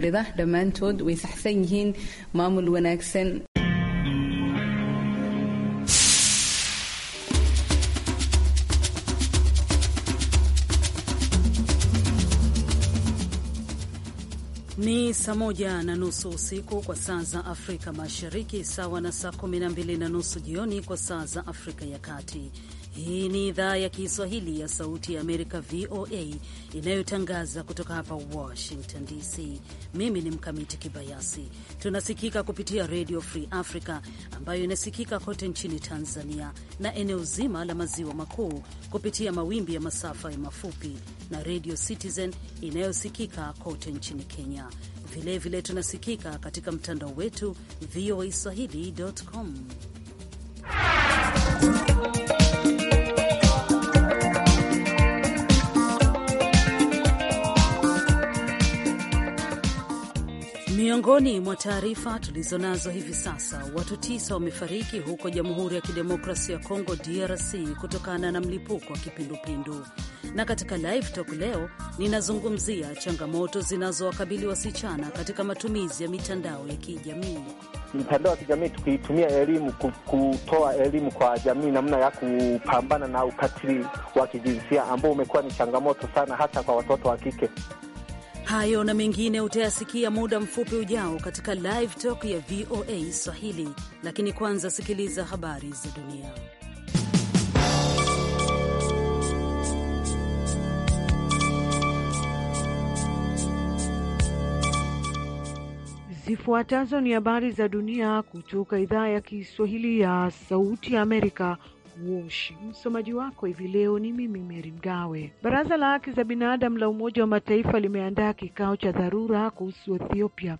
leh dhammaantood way saxsan yihiin maamul wanaagsan. Ni saa moja na nusu usiku kwa saa za Afrika Mashariki, sawa na saa kumi na mbili na nusu jioni kwa saa za Afrika ya Kati. Hii ni idhaa ya Kiswahili ya Sauti ya Amerika, VOA, inayotangaza kutoka hapa Washington DC. Mimi ni Mkamiti Kibayasi. Tunasikika kupitia Redio Free Africa ambayo inasikika kote nchini Tanzania na eneo zima la maziwa makuu kupitia mawimbi ya masafa ya mafupi na Redio Citizen inayosikika kote nchini Kenya. Vilevile vile tunasikika katika mtandao wetu voa swahili.com. Miongoni mwa taarifa tulizonazo hivi sasa, watu tisa wamefariki huko Jamhuri ya Kidemokrasia ya Kongo, DRC, kutokana na mlipuko wa kipindupindu. Na katika Live Talk leo ninazungumzia changamoto zinazowakabili wasichana katika matumizi ya mitandao ya kijamii. Mitandao ya kijamii tukiitumia elimu, kutoa elimu kwa jamii namna ya kupambana na ukatili wa kijinsia ambao umekuwa ni changamoto sana hasa kwa watoto wa kike. Hayo na mengine utayasikia muda mfupi ujao katika Live Talk ya VOA Swahili, lakini kwanza sikiliza habari za dunia. Zifuatazo ni habari za dunia kutoka idhaa ya Kiswahili ya Sauti ya Amerika, Msomaji wako hivi leo ni mimi Meri Mgawe. Baraza la Haki za Binadamu la Umoja wa Mataifa limeandaa kikao cha dharura kuhusu Ethiopia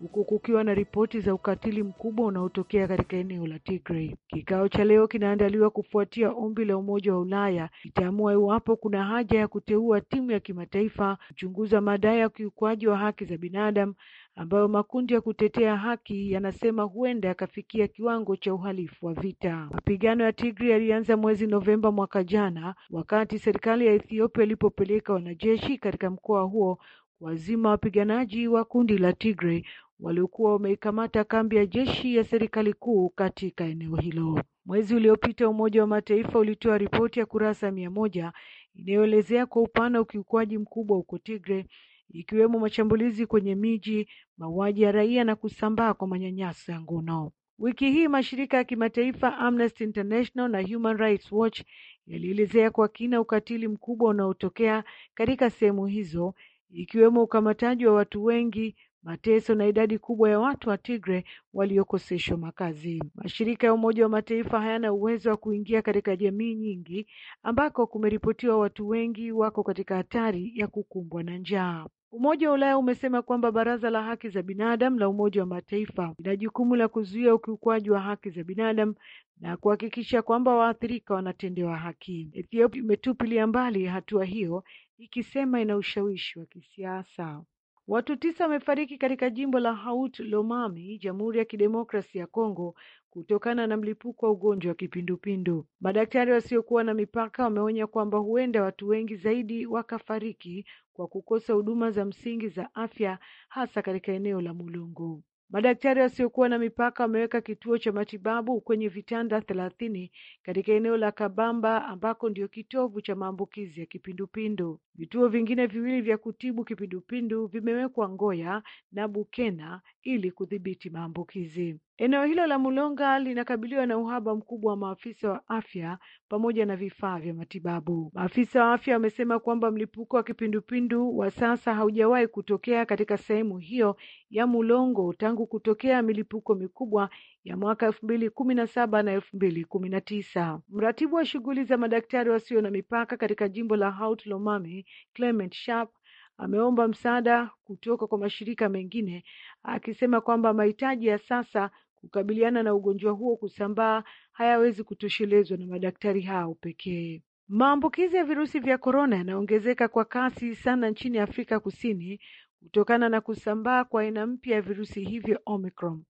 huku kukiwa na ripoti za ukatili mkubwa unaotokea katika eneo la Tigray. Kikao cha leo kinaandaliwa kufuatia ombi la Umoja wa Ulaya itaamua iwapo kuna haja ya kuteua timu ya kimataifa kuchunguza madai ya ukiukwaji wa haki za binadamu ambayo makundi ya kutetea haki yanasema huenda yakafikia kiwango cha uhalifu wa vita. Mapigano ya Tigri yalianza mwezi Novemba mwaka jana, wakati serikali ya Ethiopia ilipopeleka wanajeshi katika mkoa huo kuwazima wapiganaji wa kundi la tigre waliokuwa wameikamata kambi ya jeshi ya serikali kuu katika eneo hilo. Mwezi uliopita Umoja wa Mataifa ulitoa ripoti ya kurasa mia moja inayoelezea kwa upana ukiukwaji mkubwa huko tigre ikiwemo mashambulizi kwenye miji, mauaji ya raia na kusambaa kwa manyanyaso ya ngono. Wiki hii mashirika ya kimataifa Amnesty International na Human Rights Watch yalielezea kwa kina ukatili mkubwa unaotokea katika sehemu hizo, ikiwemo ukamataji wa watu wengi, mateso na idadi kubwa ya watu wa tigre waliokoseshwa makazi. Mashirika ya Umoja wa Mataifa hayana uwezo wa kuingia katika jamii nyingi ambako kumeripotiwa watu wengi wako katika hatari ya kukumbwa na njaa. Umoja wa Ulaya umesema kwamba Baraza la Haki za Binadamu la Umoja wa Mataifa lina jukumu la kuzuia ukiukwaji wa haki za binadamu na kuhakikisha kwamba waathirika wanatendewa haki. Ethiopia imetupilia mbali hatua hiyo ikisema ina ushawishi wa kisiasa. Watu tisa wamefariki katika jimbo la Haut Lomami, Jamhuri ya Kidemokrasi ya Kongo kutokana na mlipuko wa ugonjwa wa kipindupindu. Madaktari wasiokuwa na mipaka wameonya kwamba huenda watu wengi zaidi wakafariki kwa kukosa huduma za msingi za afya hasa katika eneo la Mulungu. Madaktari wasiokuwa na mipaka wameweka kituo cha matibabu kwenye vitanda thelathini katika eneo la Kabamba ambako ndio kitovu cha maambukizi ya kipindupindu. Vituo vingine viwili vya kutibu kipindupindu vimewekwa Ngoya na Bukena ili kudhibiti maambukizi. Eneo hilo la Mulonga linakabiliwa na uhaba mkubwa wa maafisa wa afya pamoja na vifaa vya matibabu. Maafisa wa afya wamesema kwamba mlipuko wa kipindupindu wa sasa haujawahi kutokea katika sehemu hiyo ya Mulongo tangu kutokea milipuko mikubwa ya mwaka elfu mbili kumi na saba na elfu mbili kumi na tisa. Mratibu wa shughuli za madaktari wasio na mipaka katika jimbo la Haut-Lomami, Clement Sharp ameomba msaada kutoka kwa mashirika mengine akisema kwamba mahitaji ya sasa Kukabiliana na ugonjwa huo kusambaa hayawezi kutoshelezwa na madaktari hao pekee. Maambukizi ya virusi vya korona yanaongezeka kwa kasi sana nchini Afrika Kusini kutokana na kusambaa kwa aina mpya ya virusi hivyo Omicron.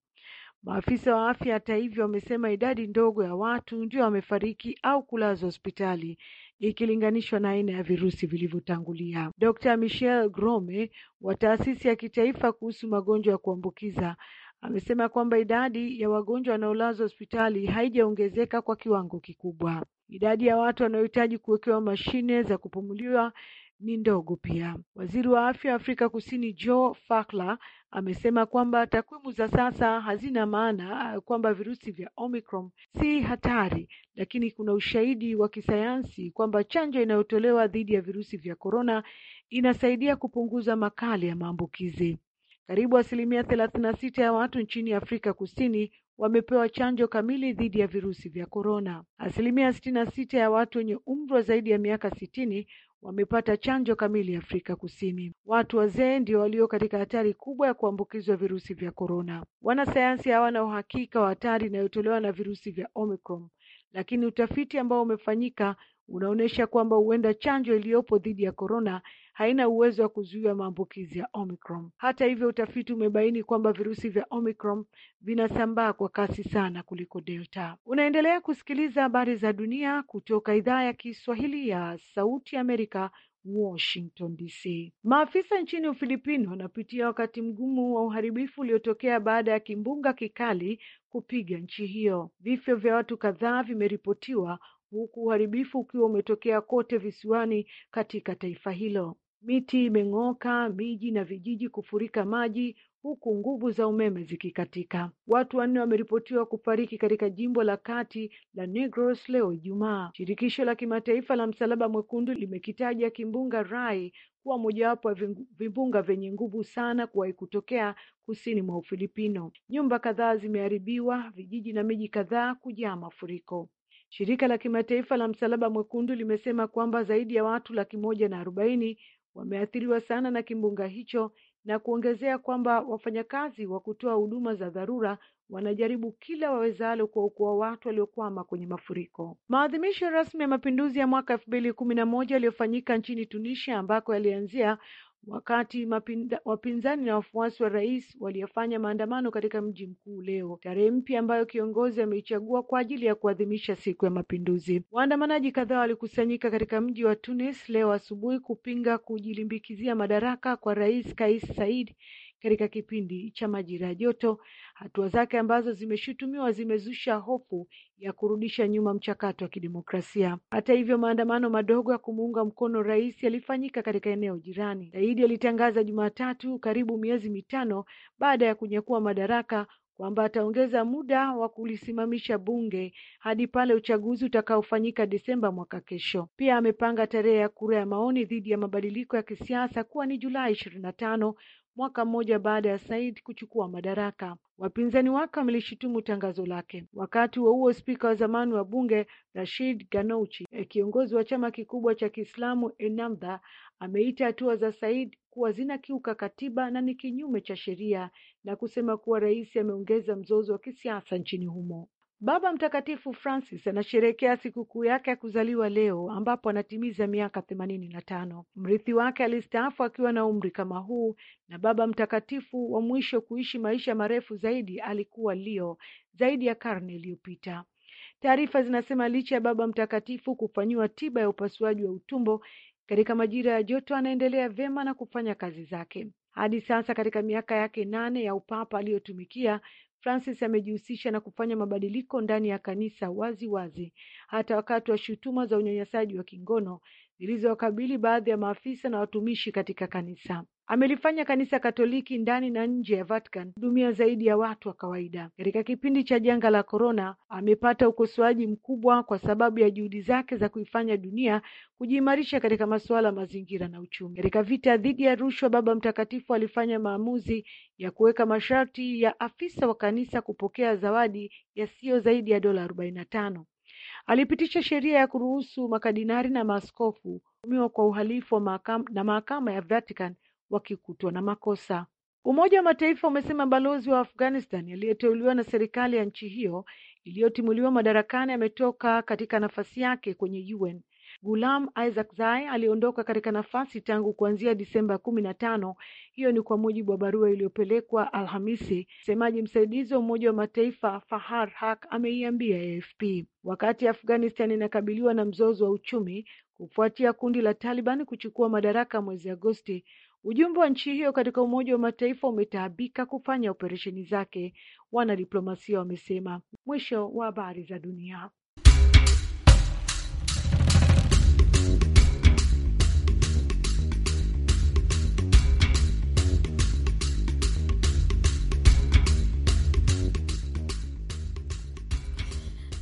Maafisa wa afya, hata hivyo, wamesema idadi ndogo ya watu ndio wamefariki au kulazwa hospitali ikilinganishwa na aina ya virusi vilivyotangulia. Dr. michel Grome wa taasisi ya kitaifa kuhusu magonjwa ya kuambukiza amesema kwamba idadi ya wagonjwa wanaolazwa hospitali haijaongezeka kwa kiwango kikubwa. Idadi ya watu wanaohitaji kuwekewa mashine za kupumuliwa ni ndogo pia. Waziri wa afya wa Afrika Kusini Joe Fakla amesema kwamba takwimu za sasa hazina maana eh, kwamba virusi vya Omicron si hatari, lakini kuna ushahidi wa kisayansi kwamba chanjo inayotolewa dhidi ya virusi vya korona inasaidia kupunguza makali ya maambukizi. Karibu asilimia thelathina sita ya watu nchini Afrika Kusini wamepewa chanjo kamili dhidi ya virusi vya korona. Asilimia sitini sita ya watu wenye umri wa zaidi ya miaka sitini wamepata chanjo kamili Afrika Kusini. Watu wazee ndio walio katika hatari kubwa ya kuambukizwa virusi vya korona. Wanasayansi hawana uhakika wa hatari inayotolewa na virusi vya Omicron, lakini utafiti ambao umefanyika unaonyesha kwamba huenda chanjo iliyopo dhidi ya korona haina uwezo wa kuzuia maambukizi ya Omicron. Hata hivyo, utafiti umebaini kwamba virusi vya Omicron vinasambaa kwa kasi sana kuliko Delta. Unaendelea kusikiliza habari za dunia kutoka idhaa ya Kiswahili ya Sauti Amerika, Washington DC. Maafisa nchini Ufilipino wanapitia wakati mgumu wa uharibifu uliotokea baada ya kimbunga kikali kupiga nchi hiyo. Vifo vya watu kadhaa vimeripotiwa huku uharibifu ukiwa umetokea kote visiwani katika taifa hilo. Miti imeng'oka miji na vijiji kufurika maji huku nguvu za umeme zikikatika. Watu wanne wameripotiwa kufariki katika jimbo la kati la Negros leo Ijumaa. Shirikisho la kimataifa la Msalaba Mwekundu limekitaja kimbunga Rai kuwa mojawapo ya vimbunga vyenye nguvu sana kuwahi kutokea kusini mwa Ufilipino. Nyumba kadhaa zimeharibiwa, vijiji na miji kadhaa kujaa mafuriko. Shirika la kimataifa la Msalaba Mwekundu limesema kwamba zaidi ya watu laki moja na arobaini wameathiriwa sana na kimbunga hicho na kuongezea kwamba wafanyakazi wa kutoa huduma za dharura wanajaribu kila wawezalo kuwaokoa watu waliokwama kwenye mafuriko. Maadhimisho rasmi ya mapinduzi ya mwaka elfu mbili kumi na moja yaliyofanyika nchini Tunisia ambako yalianzia wakati wapinzani na wafuasi wa rais waliofanya maandamano katika mji mkuu leo, tarehe mpya ambayo kiongozi ameichagua kwa ajili ya kuadhimisha siku ya mapinduzi. Waandamanaji kadhaa walikusanyika katika mji wa Tunis leo asubuhi kupinga kujilimbikizia madaraka kwa Rais Kais Saied katika kipindi cha majira ya joto, hatua zake ambazo zimeshutumiwa zimezusha hofu ya kurudisha nyuma mchakato wa kidemokrasia. Hata hivyo, maandamano madogo ya kumuunga mkono rais yalifanyika katika eneo jirani. Saidi alitangaza Jumatatu, karibu miezi mitano baada ya kunyakua madaraka kwamba ataongeza muda wa kulisimamisha bunge hadi pale uchaguzi utakaofanyika Desemba mwaka kesho. Pia amepanga tarehe ya kura ya maoni dhidi ya mabadiliko ya kisiasa kuwa ni Julai ishirini na tano Mwaka mmoja baada ya Said kuchukua madaraka, wapinzani wake wamelishutumu tangazo lake. Wakati huo huo, spika wa zamani wa bunge Rashid Ganouchi, eh, kiongozi wa chama kikubwa cha Kiislamu Ennahda, ameita hatua za Said kuwa zinakiuka katiba na ni kinyume cha sheria na kusema kuwa rais ameongeza mzozo wa kisiasa nchini humo. Baba Mtakatifu Francis anasherehekea sikukuu yake ya kuzaliwa leo ambapo anatimiza miaka themanini na tano. Mrithi wake alistaafu akiwa na umri kama huu, na Baba Mtakatifu wa mwisho kuishi maisha marefu zaidi alikuwa Leo, zaidi ya karne iliyopita. Taarifa zinasema licha ya Baba Mtakatifu kufanyiwa tiba ya upasuaji wa utumbo katika majira ya joto, anaendelea vyema na kufanya kazi zake hadi sasa. Katika miaka yake nane ya upapa aliyotumikia, Francis amejihusisha na kufanya mabadiliko ndani ya kanisa wazi wazi hata wakati wa shutuma za unyanyasaji wa kingono zilizowakabili baadhi ya maafisa na watumishi katika kanisa Amelifanya Kanisa Katoliki ndani na nje ya Vatican kuhudumia zaidi ya watu wa kawaida. Katika kipindi cha janga la korona, amepata ukosoaji mkubwa kwa sababu ya juhudi zake za kuifanya dunia kujiimarisha katika masuala ya mazingira na uchumi. Katika vita dhidi ya rushwa, Baba Mtakatifu alifanya maamuzi ya kuweka masharti ya afisa wa kanisa kupokea zawadi yasiyo zaidi ya dola arobaini na tano. Alipitisha sheria ya kuruhusu makadinari na maaskofu kuhukumiwa kwa uhalifu wa mahakama na mahakama ya Vatican wakikutwa na makosa. Umoja wa Mataifa umesema balozi wa Afghanistan aliyeteuliwa na serikali ya nchi hiyo iliyotimuliwa madarakani ametoka katika nafasi yake kwenye UN. Gulam Isaaqzai aliondoka katika nafasi tangu kuanzia Disemba kumi na tano. Hiyo ni kwa mujibu wa barua iliyopelekwa Alhamisi. Msemaji msaidizi wa Umoja wa Mataifa Fahar Haq ameiambia AFP wakati Afghanistan inakabiliwa na mzozo wa uchumi kufuatia kundi la Taliban kuchukua madaraka mwezi Agosti. Ujumbe wa nchi hiyo katika Umoja wa Mataifa umetaabika kufanya operesheni zake, wanadiplomasia wamesema. Mwisho wa habari za dunia.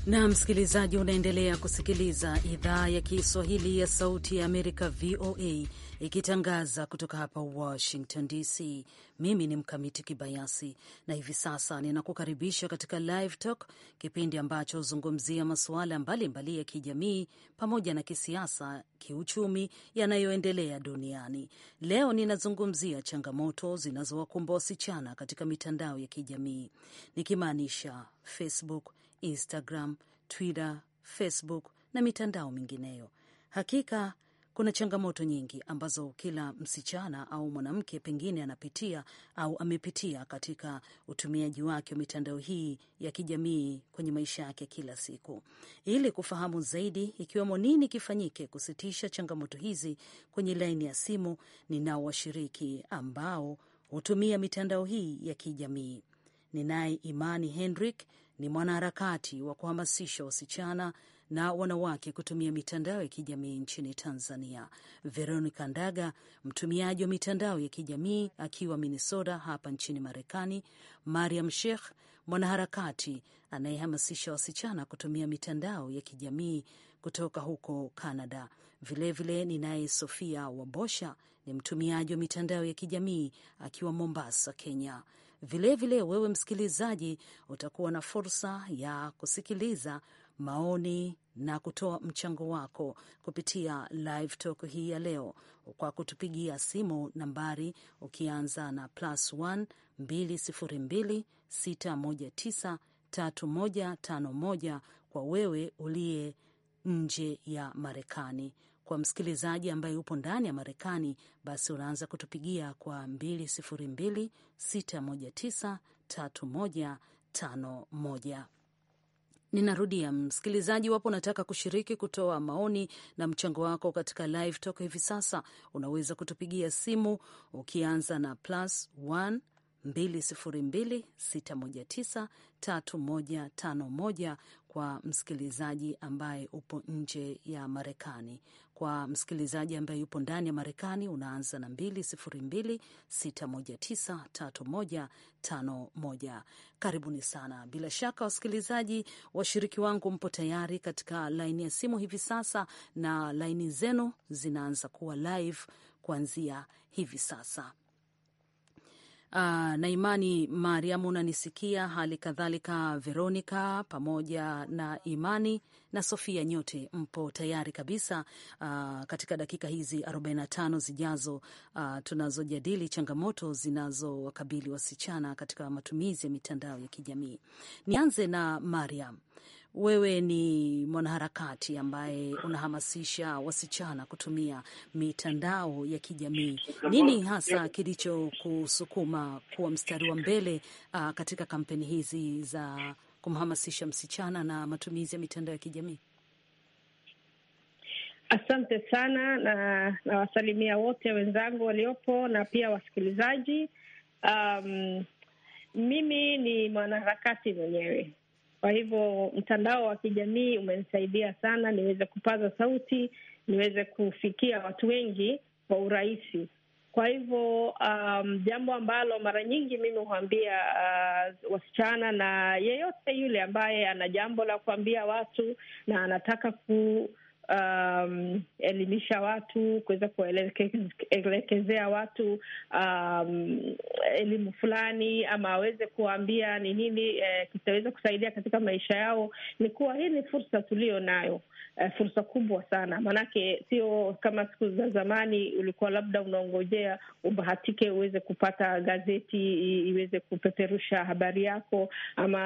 na msikilizaji, unaendelea kusikiliza idhaa ya Kiswahili ya Sauti ya Amerika, VOA, ikitangaza kutoka hapa Washington DC. Mimi ni Mkamiti Kibayasi na hivi sasa ninakukaribisha katika Live Talk, kipindi ambacho huzungumzia masuala mbalimbali ya kijamii pamoja na kisiasa, kiuchumi yanayoendelea duniani. Leo ninazungumzia changamoto zinazowakumba wasichana katika mitandao ya kijamii nikimaanisha Facebook, Instagram, Twitter, Facebook na mitandao mingineyo. Hakika kuna changamoto nyingi ambazo kila msichana au mwanamke pengine anapitia au amepitia katika utumiaji wake wa mitandao hii ya kijamii kwenye maisha yake kila siku. Ili kufahamu zaidi, ikiwemo nini kifanyike kusitisha changamoto hizi, kwenye laini ya simu ninao washiriki ambao hutumia mitandao hii ya kijamii. Ninaye Imani Hendrick, ni mwanaharakati wa kuhamasisha wasichana na wanawake kutumia mitandao ya kijamii nchini Tanzania. Veronica Ndaga, mtumiaji wa mitandao ya kijamii akiwa Minnesota hapa nchini Marekani. Mariam Sheikh, mwanaharakati anayehamasisha wasichana kutumia mitandao ya kijamii kutoka huko Canada. Vilevile ninaye Sofia Wabosha, ni mtumiaji wa mitandao ya kijamii akiwa Mombasa, Kenya. Vilevile vile, wewe msikilizaji utakuwa na fursa ya kusikiliza maoni na kutoa mchango wako kupitia live talk hii ya leo kwa kutupigia simu nambari ukianza na plus 1 619 kwa wewe uliye nje ya Marekani. Kwa msikilizaji ambaye upo ndani ya Marekani, basi unaanza kutupigia kwa 202 619 3151. Ninarudia msikilizaji, wapo unataka kushiriki, kutoa maoni na mchango wako katika live talk hivi sasa, unaweza kutupigia simu ukianza na plus 1 2026193151 kwa msikilizaji ambaye upo nje ya Marekani kwa msikilizaji ambaye yupo ndani ya Marekani unaanza na 2026193151. Karibuni sana. Bila shaka, wasikilizaji, washiriki wangu, mpo tayari katika laini ya simu hivi sasa, na laini zenu zinaanza kuwa live kuanzia hivi sasa. Uh, Naimani mariam unanisikia, hali kadhalika Veronica pamoja na Imani na Sofia, nyote mpo tayari kabisa uh, katika dakika hizi 45 zijazo uh, tunazojadili changamoto zinazowakabili wasichana katika matumizi ya mitandao ya kijamii. Nianze na Mariam wewe ni mwanaharakati ambaye unahamasisha wasichana kutumia mitandao ya kijamii. Nini hasa kilichokusukuma kuwa mstari wa mbele uh, katika kampeni hizi za kumhamasisha msichana na matumizi ya mitandao ya kijamii? Asante sana na nawasalimia wote wenzangu waliopo na pia wasikilizaji. Um, mimi ni mwanaharakati mwenyewe kwa hivyo mtandao wa kijamii umenisaidia sana niweze kupaza sauti, niweze kufikia watu wengi kwa urahisi. Kwa hivyo um, jambo ambalo mara nyingi mimi huambia uh, wasichana na yeyote yule ambaye ana jambo la kuambia watu na anataka ku um, elimisha watu, kuweza kuwaelekezea watu um, elimu fulani, ama aweze kuwaambia ni nini eh, kitaweza kusaidia katika maisha yao, ni kuwa hii ni fursa tuliyo nayo. Uh, fursa kubwa sana maanake, sio kama siku za zamani ulikuwa labda unaongojea ubahatike uweze kupata gazeti iweze kupeperusha habari yako ama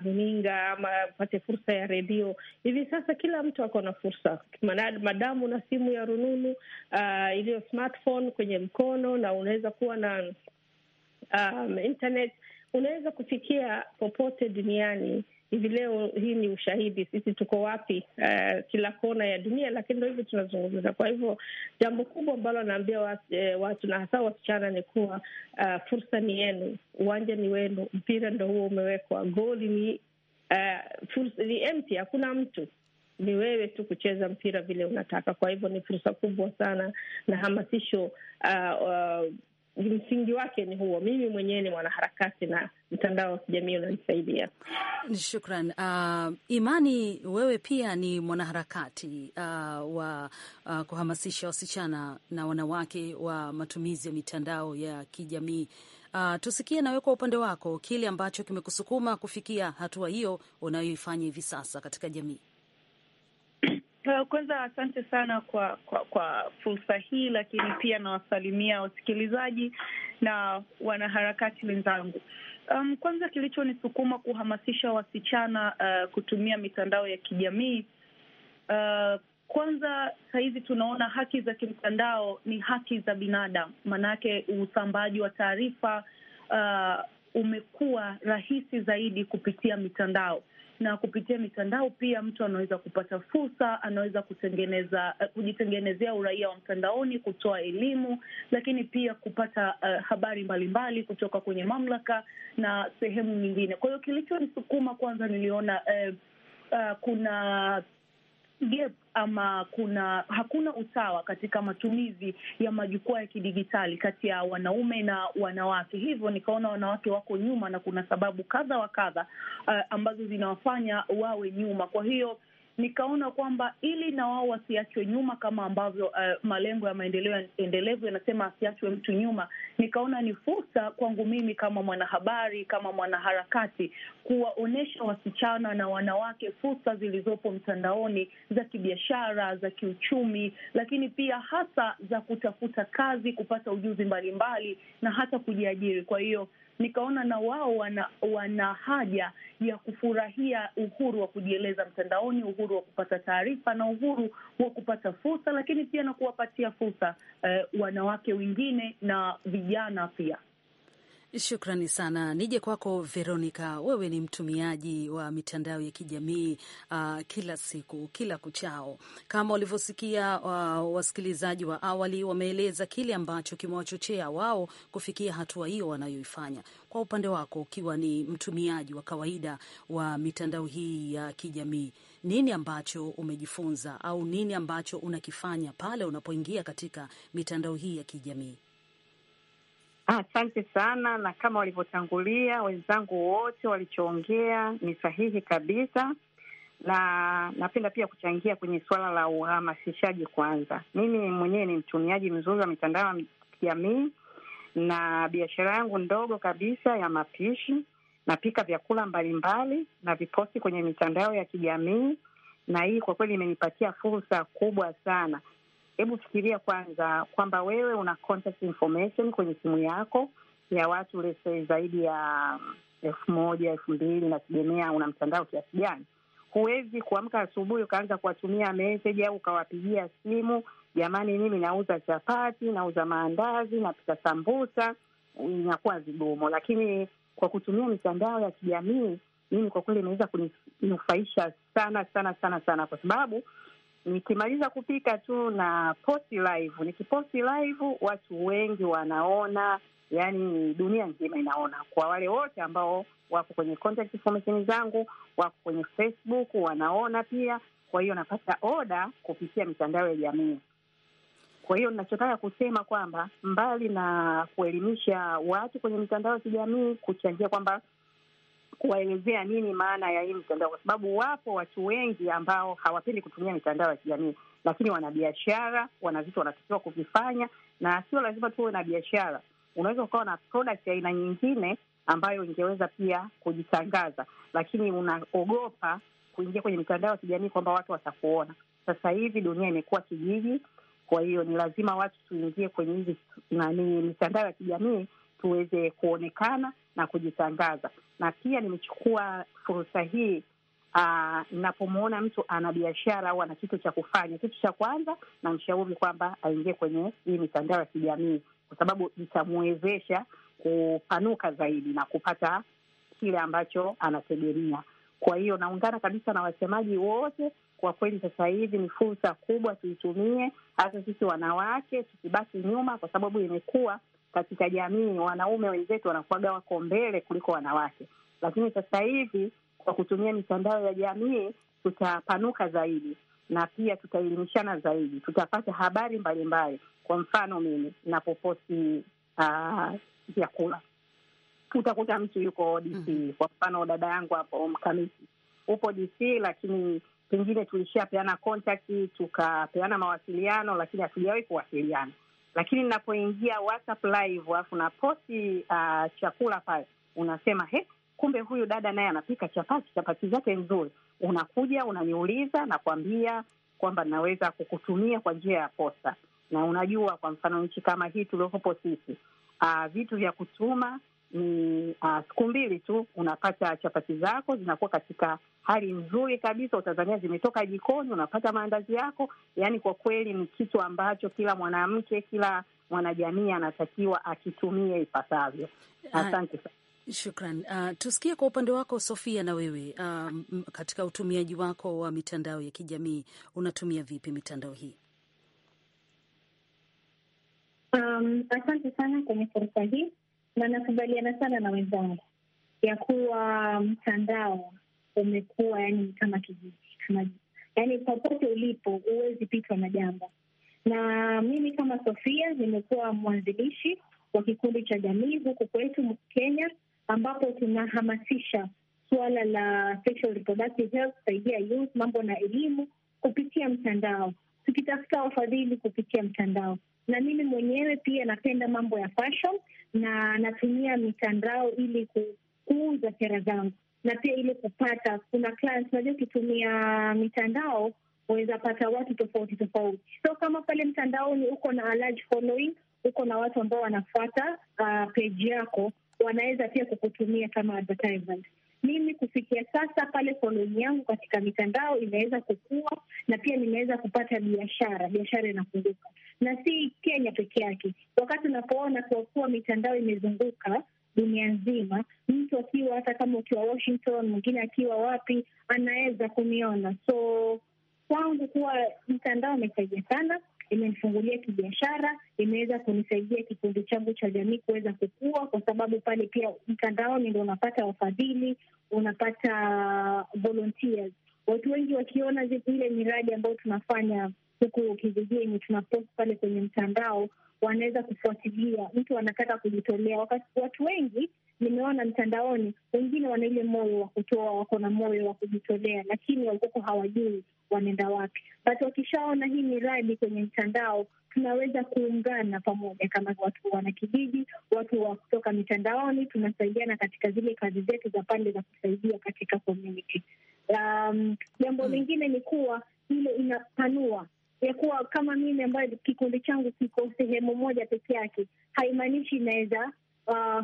uh, runinga uh, ama upate fursa ya redio. Hivi sasa kila mtu ako na fursa madamu na simu ya rununu uh, iliyo smartphone kwenye mkono, na unaweza kuwa na um, internet, unaweza kufikia popote duniani. Hivi leo hii ni ushahidi, sisi tuko wapi? Uh, kila kona ya dunia, lakini ndo hivyo tunazungumza. Kwa hivyo jambo kubwa ambalo anaambia watu, eh, watu na hasa wasichana ni kuwa uh, fursa ni yenu, uwanja ni wenu, mpira ndo huo umewekwa, goli ni uh, fursa ni empty, hakuna mtu ni wewe tu kucheza mpira vile unataka. Kwa hivyo ni fursa kubwa sana na hamasisho uh, uh, msingi wake ni huo. Mimi mwenyewe ni mwanaharakati na mtandao wa kijamii unanisaidia. Shukran. Uh, Imani, wewe pia ni mwanaharakati uh, wa uh, kuhamasisha wasichana na wanawake wa matumizi ya mitandao ya kijamii. Uh, tusikie nawe kwa upande wako kile ambacho kimekusukuma kufikia hatua hiyo unayoifanya hivi sasa katika jamii. Kwanza asante sana kwa kwa, kwa fursa hii, lakini pia nawasalimia wasikilizaji na wanaharakati wenzangu. Um, kwanza kilichonisukuma kuhamasisha wasichana uh, kutumia mitandao ya kijamii uh, kwanza sahizi tunaona haki za kimtandao ni haki za binadamu, maanake usambaji wa taarifa uh, umekuwa rahisi zaidi kupitia mitandao na kupitia mitandao pia mtu anaweza kupata fursa, anaweza kutengeneza eh, kujitengenezea uraia wa mtandaoni, kutoa elimu, lakini pia kupata uh, habari mbalimbali mbali kutoka kwenye mamlaka na sehemu nyingine. Kwa hiyo kilichonisukuma kwanza, niliona uh, uh, kuna gap ama kuna hakuna usawa katika matumizi ya majukwaa ya kidigitali kati ya wanaume na wanawake. Hivyo nikaona wanawake wako nyuma na kuna sababu kadha wa kadha uh, ambazo zinawafanya wawe nyuma. Kwa hiyo nikaona kwamba ili na wao wasiachwe nyuma kama ambavyo uh, malengo ya maendeleo endelevu yanasema asiachwe mtu nyuma, nikaona ni fursa kwangu mimi kama mwanahabari, kama mwanaharakati kuwaonyesha wasichana na wanawake fursa zilizopo mtandaoni za kibiashara, za kiuchumi, lakini pia hasa za kutafuta kazi, kupata ujuzi mbalimbali mbali, na hata kujiajiri. Kwa hiyo nikaona na wao wana, wana haja ya kufurahia uhuru wa kujieleza mtandaoni, uhuru wa kupata taarifa na uhuru wa kupata fursa, lakini pia na kuwapatia fursa eh, wanawake wengine na vijana pia. Shukrani sana. Nije kwako Veronica, wewe ni mtumiaji wa mitandao ya kijamii uh, kila siku, kila kuchao. Kama ulivyosikia uh, wasikilizaji wa awali wameeleza kile ambacho kimewachochea wao kufikia hatua hiyo wanayoifanya. Kwa upande wako, ukiwa ni mtumiaji wa kawaida wa mitandao hii ya kijamii, nini ambacho umejifunza au nini ambacho unakifanya pale unapoingia katika mitandao hii ya kijamii? Ah, asante sana na kama walivyotangulia wenzangu wote walichoongea ni sahihi kabisa, na napenda pia kuchangia kwenye suala la uhamasishaji. Kwanza mimi mwenyewe ni mtumiaji mzuri wa mitandao ya kijamii na biashara yangu ndogo kabisa ya mapishi, napika vyakula mbalimbali na viposti kwenye mitandao ya kijamii, na hii kwa kweli imenipatia fursa kubwa sana hebu fikiria kwanza kwamba wewe una contact information kwenye simu yako ya watu lese zaidi ya mm, elfu moja elfu mbili nategemea una mtandao kiasi gani. Huwezi kuamka asubuhi ukaanza kuwatumia meseji au ukawapigia simu, jamani, mimi nauza chapati, nauza maandazi, napika sambusa. Inakuwa vigumo lakini kwa kutumia mitandao ya kijamii mimi kwa kweli imeweza kuninufaisha sana sana sana sana, kwa sababu nikimaliza kupika tu na posti live. Nikiposti live, watu wengi wanaona, yani dunia nzima inaona. Kwa wale wote ambao wako kwenye contact information zangu, wako kwenye Facebook wanaona pia. Kwa hiyo napata oda kupitia mitandao ya jamii. Kwa hiyo ninachotaka kusema kwamba mbali na kuelimisha watu kwenye mitandao ya kijamii, kuchangia kwamba kuwaelezea nini maana ya hii mtandao kwa sababu wapo watu wengi ambao hawapendi kutumia mitandao ya kijamii, lakini wana biashara, wana vitu wanatakiwa kuvifanya, na sio lazima tuwe na biashara. Unaweza ukawa na product ya aina nyingine ambayo ingeweza pia kujitangaza, lakini unaogopa kuingia kwenye mitandao ya kijamii kwamba watu watakuona. Sasa hivi dunia imekuwa kijiji, kwa hiyo ni lazima watu tuingie kwenye hizi nani mitandao ya kijamii tuweze kuonekana na kujitangaza. Na pia nimechukua fursa hii ah, ninapomwona mtu ana biashara au ana kitu cha kufanya, kitu cha kwanza namshauri kwamba aingie kwenye hii mitandao ya kijamii, kwa sababu itamwezesha kupanuka zaidi na kupata kile ambacho anategemea. Kwa hiyo naungana kabisa na wasemaji wote. Kwa kweli sasa hivi ni fursa kubwa, tuitumie, hasa sisi wanawake, tusibaki nyuma, kwa sababu imekuwa katika jamii, wanaume wenzetu wanakuwaga wako mbele kuliko wanawake, lakini sasa hivi kwa kutumia mitandao ya jamii tutapanuka zaidi na pia tutaelimishana zaidi, tutapata habari mbalimbali. Kwa mfano mimi napoposti ah, vyakula uh, utakuta mtu yuko DC mm. Mm-hmm. Kwa mfano dada yangu hapo Mkamiti upo DC, lakini pengine tulishapeana tukapeana mawasiliano, lakini hatujawahi kuwasiliana lakini ninapoingia WhatsApp live alafu na posti uh, chakula pale, unasema he, kumbe huyu dada naye anapika chapati, chapati zake nzuri. Unakuja unaniuliza, nakwambia kwamba naweza kukutumia kwa njia ya posta, na unajua, kwa mfano nchi kama hii tuliokopo sisi, uh, vitu vya kutuma ni uh, siku mbili tu unapata chapati zako zinakuwa katika hali nzuri kabisa, utazania zimetoka jikoni, unapata maandazi yako. yani kwa kweli ni kitu ambacho kila mwanamke, kila mwanajamii anatakiwa akitumie ipasavyo. Ah, asante sana. Shukran. Uh, tusikie kwa upande wako Sofia, na wewe um, katika utumiaji wako wa mitandao ya kijamii unatumia vipi mitandao hii? Um, asante sana kwenye fursa hii na nakubaliana sana na wenzangu ya kuwa mtandao umekuwa yani kama kijiji kama, yani popote ulipo huwezi pitwa na jambo. Na mimi kama Sofia nimekuwa mwanzilishi wa kikundi cha jamii huku kwetu Kenya, ambapo tunahamasisha suala la sexual reproductive health, kusaidia youth, mambo na elimu kupitia mtandao, tukitafuta wafadhili kupitia mtandao na mimi mwenyewe pia napenda mambo ya fashion na natumia mitandao ili kuuza sera zangu na pia ili kupata, kuna clients, unajua ukitumia mitandao waweza pata watu tofauti tofauti. So kama pale mtandaoni uko na a large following, uko na watu ambao wanafuata uh, page yako, wanaweza pia kukutumia kama advertisement mimi kufikia sasa pale koloni yangu katika mitandao imeweza kukua, na pia nimeweza kupata biashara, biashara inafunguka, na si Kenya peke yake. Wakati unapoona kwa kuwa mitandao imezunguka dunia nzima, mtu akiwa hata kama ukiwa Washington, mwingine akiwa wapi, anaweza kuniona. So kwangu kuwa mtandao amesaidia sana imenifungulia kibiashara, imeweza kunisaidia kikundi changu cha jamii kuweza kukua, kwa sababu pale pia mtandaoni ndo unapata wafadhili, unapata volunteers. Watu wengi wakiona ile miradi ambayo tunafanya huku kijijini, tunapost pale kwenye mtandao, wanaweza kufuatilia, mtu anataka kujitolea. Wakati watu wengi nimeona mtandaoni, wengine wana ile moyo wa kutoa, wako na moyo wa kujitolea, lakini wakoko hawajui wanaenda wapi. Basi wakishaona hii miradi kwenye mtandao, tunaweza kuungana pamoja kama watu wanakijiji, watu wa kutoka mitandaoni, tunasaidiana katika zile kazi zetu za pande za kusaidia katika community. Um, jambo um, lingine ni kuwa ile inapanua ya kuwa kama mimi ambayo kikundi changu kiko sehemu moja peke yake, haimaanishi inaweza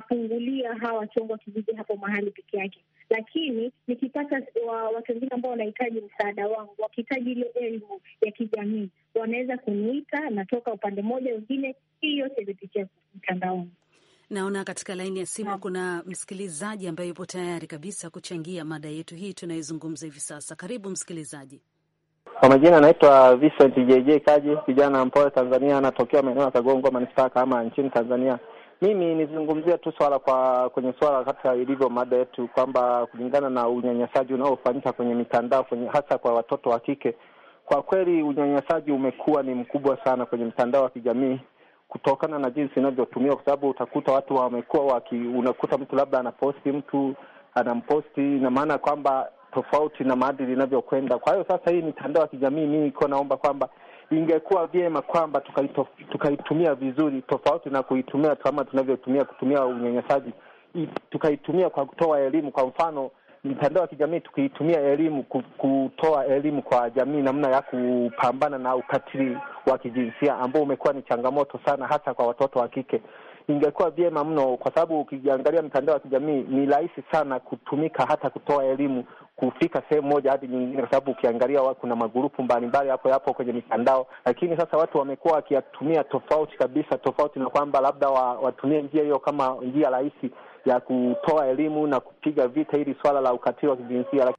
fungulia hawa chongo kijiji hapo mahali peke yake, lakini nikipata wa, watu wengine ambao wanahitaji msaada wangu, wakihitaji ile elimu ya kijamii, wanaweza kuniita, natoka upande mmoja wengine. Hii yote imepitia mtandaoni. Naona katika laini ya simu kuna msikilizaji ambaye yupo tayari kabisa kuchangia mada yetu hii tunayozungumza hivi sasa. Karibu msikilizaji. Kwa majina anaitwa Vincent JJ Kaji, kijana mpole Tanzania, anatokea maeneo ya Kagongwa manispaa kama nchini Tanzania. Mimi nizungumzia tu swala kwa kwenye swala hata ilivyo mada yetu kwamba kulingana na unyanyasaji unaofanyika kwenye mitandao kwenye hasa kwa watoto wa kike, kwa kweli unyanyasaji umekuwa ni mkubwa sana kwenye mtandao wa kijamii kutokana na jinsi inavyotumiwa, kwa sababu utakuta watu wamekuwa waki, unakuta mtu labda anaposti mtu anamposti, ina maana kwamba tofauti na maadili inavyokwenda. Kwa hiyo sasa hii mitandao ya kijamii mii iko naomba kwamba ingekuwa vyema kwamba tukaitumia vizuri, tofauti na kuitumia kama tunavyotumia kutumia unyanyasaji. Tukaitumia kwa kutoa elimu, kwa mfano mitandao ya kijamii, tukiitumia elimu, kutoa elimu kwa jamii, namna ya kupambana na ukatili wa kijinsia ambao umekuwa ni changamoto sana, hasa kwa watoto wa kike ingekuwa vyema mno, kwa sababu ukiangalia mitandao ya kijamii ni rahisi sana kutumika hata kutoa elimu kufika sehemu moja hadi nyingine, kwa sababu ukiangalia kuna magurupu mbalimbali hapo yapo kwenye mitandao, lakini sasa watu wamekuwa wakiyatumia tofauti kabisa, tofauti na kwamba labda wa, watumie njia hiyo kama njia rahisi ya kutoa elimu na kupiga vita hili swala la ukatili wa kijinsia.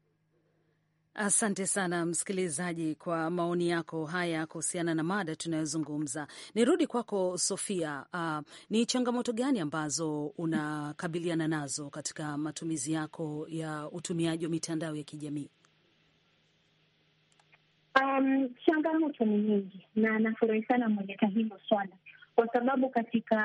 Asante sana msikilizaji kwa maoni yako haya kuhusiana na mada tunayozungumza. Nirudi kwako Sofia. Uh, ni changamoto gani ambazo unakabiliana nazo katika matumizi yako ya utumiaji wa mitandao ya kijamii? Um, changamoto ni nyingi na nafurahi sana mmeleta hilo swala, kwa sababu katika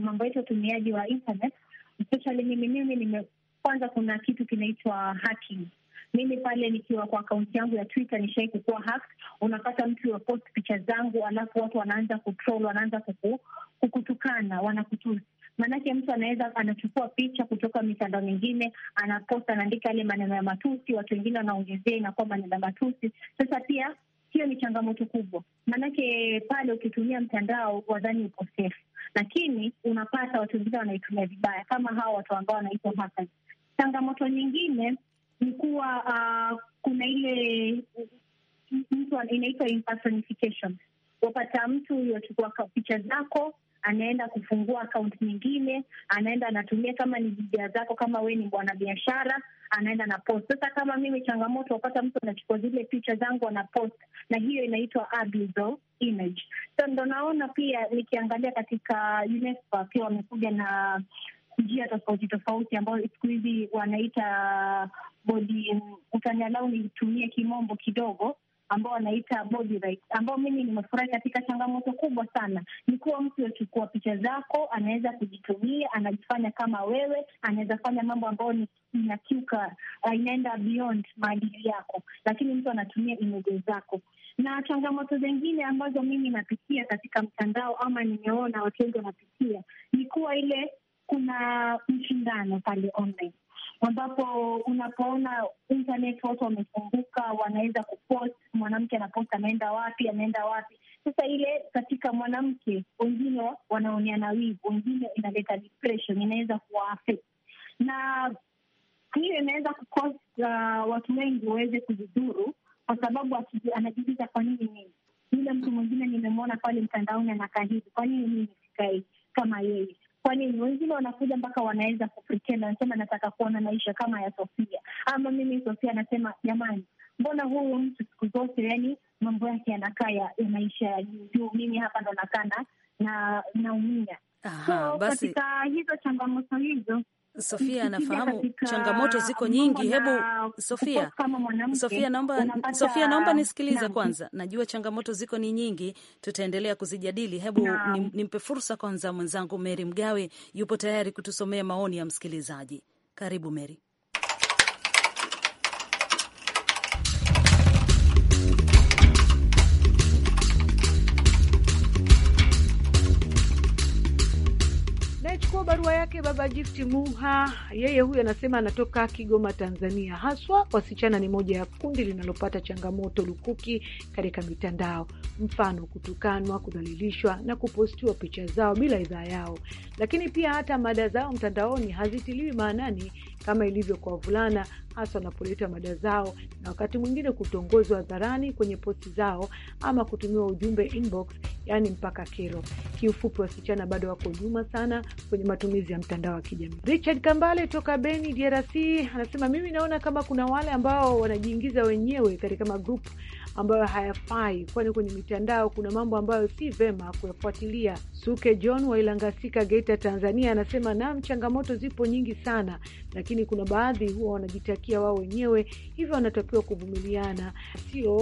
mambo yetu ya utumiaji wa internet especially mimi mimi nime kwanza, kuna kitu kinaitwa hacking mimi pale nikiwa kwa akaunti yangu ya Twitter nishai kukuwa hacked. Unapata mtu wapost picha zangu, alafu watu wanaanza kutroll, wanaanza kuku, kukutukana, wanakutusi Maanake mtu anaweza anachukua picha kutoka mitandao mingine, anaposta, anaandika yale maneno ya matusi, watu wengine wanaongezea, inakuwa maneno ya matusi. Sasa pia hiyo ni changamoto kubwa, maanake pale ukitumia mtandao wadhani uko safe, lakini unapata watu wengine wanaitumia vibaya, kama hawa watu ambao wanaitwa hackers. Changamoto nyingine ni kuwa uh, kuna ile mtu inaitwa impersonification. Wapata mtu yachukua picha zako, anaenda kufungua akaunti nyingine, anaenda anatumia kama ni bidhaa zako, kama we ni mwanabiashara, anaenda na post. Sasa kama mimi changamoto, wapata mtu anachukua zile picha zangu ana post, na hiyo inaitwa abusive image. So ndo naona pia nikiangalia katika UNESCO pia wamekuja na njia tofauti tofauti ambayo siku hizi wanaita body, utanialau nitumie kimombo kidogo, ambao wanaita body ambao mimi nimefurahi katika changamoto kubwa sana ni kuwa mtu achukua picha zako, anaweza kujitumia, anajifanya kama wewe, anaweza fanya mambo ambayo ni inakiuka, uh, inaenda beyond maadili yako, lakini mtu anatumia imeje zako na changamoto zingine ambazo mimi napitia katika mtandao ama nimeona watu wengi wanapitia ni kuwa ile kuna mshindano pale online ambapo unapoona internet watu wamefunguka, wanaweza kupost, mwanamke anapost anaenda wapi, anaenda wapi. Sasa ile katika mwanamke, wengine wanaoneana wivu, wengine inaleta depression, inaweza kuwaaffect, na hiyo inaweza kukosa uh, watu wengi waweze kujidhuru, kwa sababu anajiuliza kwa nini mimi, yule mtu mwingine nimemwona pale mtandaoni anakaa hivi, kwa nini mimi sikai kama yeye? Kwa nini wengine wanakuja mpaka wanaweza kupretend, wanasema nataka kuona maisha kama ya Sofia ama mimi Sofia anasema jamani, mbona huyu mtu siku zote yani mambo yake yanakaa ya maisha ya juu juu, mimi hapa ndo na naumia. So basi... katika hizo changamoto hizo Sofia anafahamu changamoto ziko nyingi. Hebu Sofia, Sofia naomba, Sofia naomba nisikilize kwanza. Najua changamoto ziko ni nyingi, tutaendelea kuzijadili. Hebu nimpe fursa kwanza mwenzangu Meri Mgawe, yupo tayari kutusomea maoni ya msikilizaji. Karibu Meri. barua yake baba Gift Muha, yeye huyu anasema anatoka Kigoma, Tanzania. Haswa wasichana ni moja ya kundi linalopata changamoto lukuki katika mitandao, mfano kutukanwa, kudhalilishwa na kupostiwa picha zao bila idhaa yao, lakini pia hata mada zao mtandaoni hazitiliwi maanani kama ilivyo kwa wavulana hasa wanapoleta mada zao, na wakati mwingine kutongozwa hadharani kwenye posti zao ama kutumiwa ujumbe inbox, yaani mpaka kero. Kiufupi, wasichana bado wako nyuma sana kwenye matumizi ya mtandao wa kijamii. Richard Kambale toka Beni, DRC, anasema mimi naona kama kuna wale ambao wanajiingiza wenyewe katika magrupu ambayo hayafai, kwani kwenye mitandao kuna mambo ambayo si vema kuyafuatilia. Suke John wa Ilangasika, Geita, Tanzania, anasema nam changamoto zipo nyingi sana, lakini kuna baadhi huwa wanajitakia wao wenyewe, hivyo wanatakiwa kuvumiliana, sio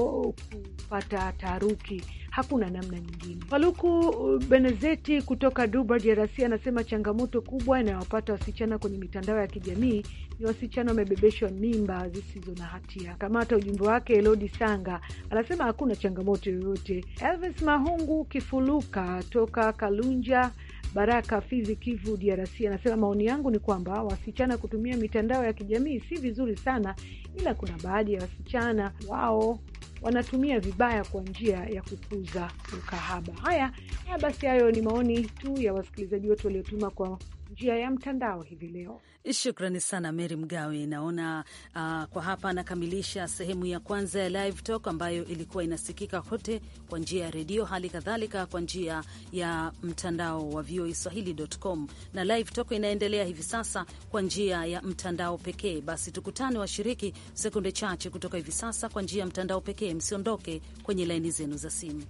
kupata taharuki. Hakuna namna nyingine. Faluku uh, Benezeti kutoka Duba, DRC, anasema changamoto kubwa inayowapata wasichana kwenye mitandao ya kijamii ni wasichana wamebebeshwa mimba zisizo na hatia. Kamata ujumbe wake. Elodi Sanga anasema hakuna changamoto yoyote. Elvis Mahungu Kifuluka toka Kal Kalunja Baraka Fizi, Kivu, DRC, anasema maoni yangu ni kwamba wasichana kutumia mitandao ya kijamii si vizuri sana, ila kuna baadhi ya wasichana wao wanatumia vibaya kwa njia ya kukuza ukahaba. Haya haya, basi hayo ni maoni tu ya wasikilizaji wetu waliotuma kwa njia ya mtandao hivi leo. Shukrani sana Mary Mgawe. Naona uh, kwa hapa anakamilisha sehemu ya kwanza ya Live Talk ambayo ilikuwa inasikika kote kwa njia ya redio, hali kadhalika kwa njia ya mtandao wa Swahili.com, na Live Talk inaendelea hivi sasa kwa njia ya mtandao pekee. Basi tukutane washiriki sekunde chache kutoka hivi sasa kwa njia ya mtandao pekee. Msiondoke kwenye laini zenu za simu.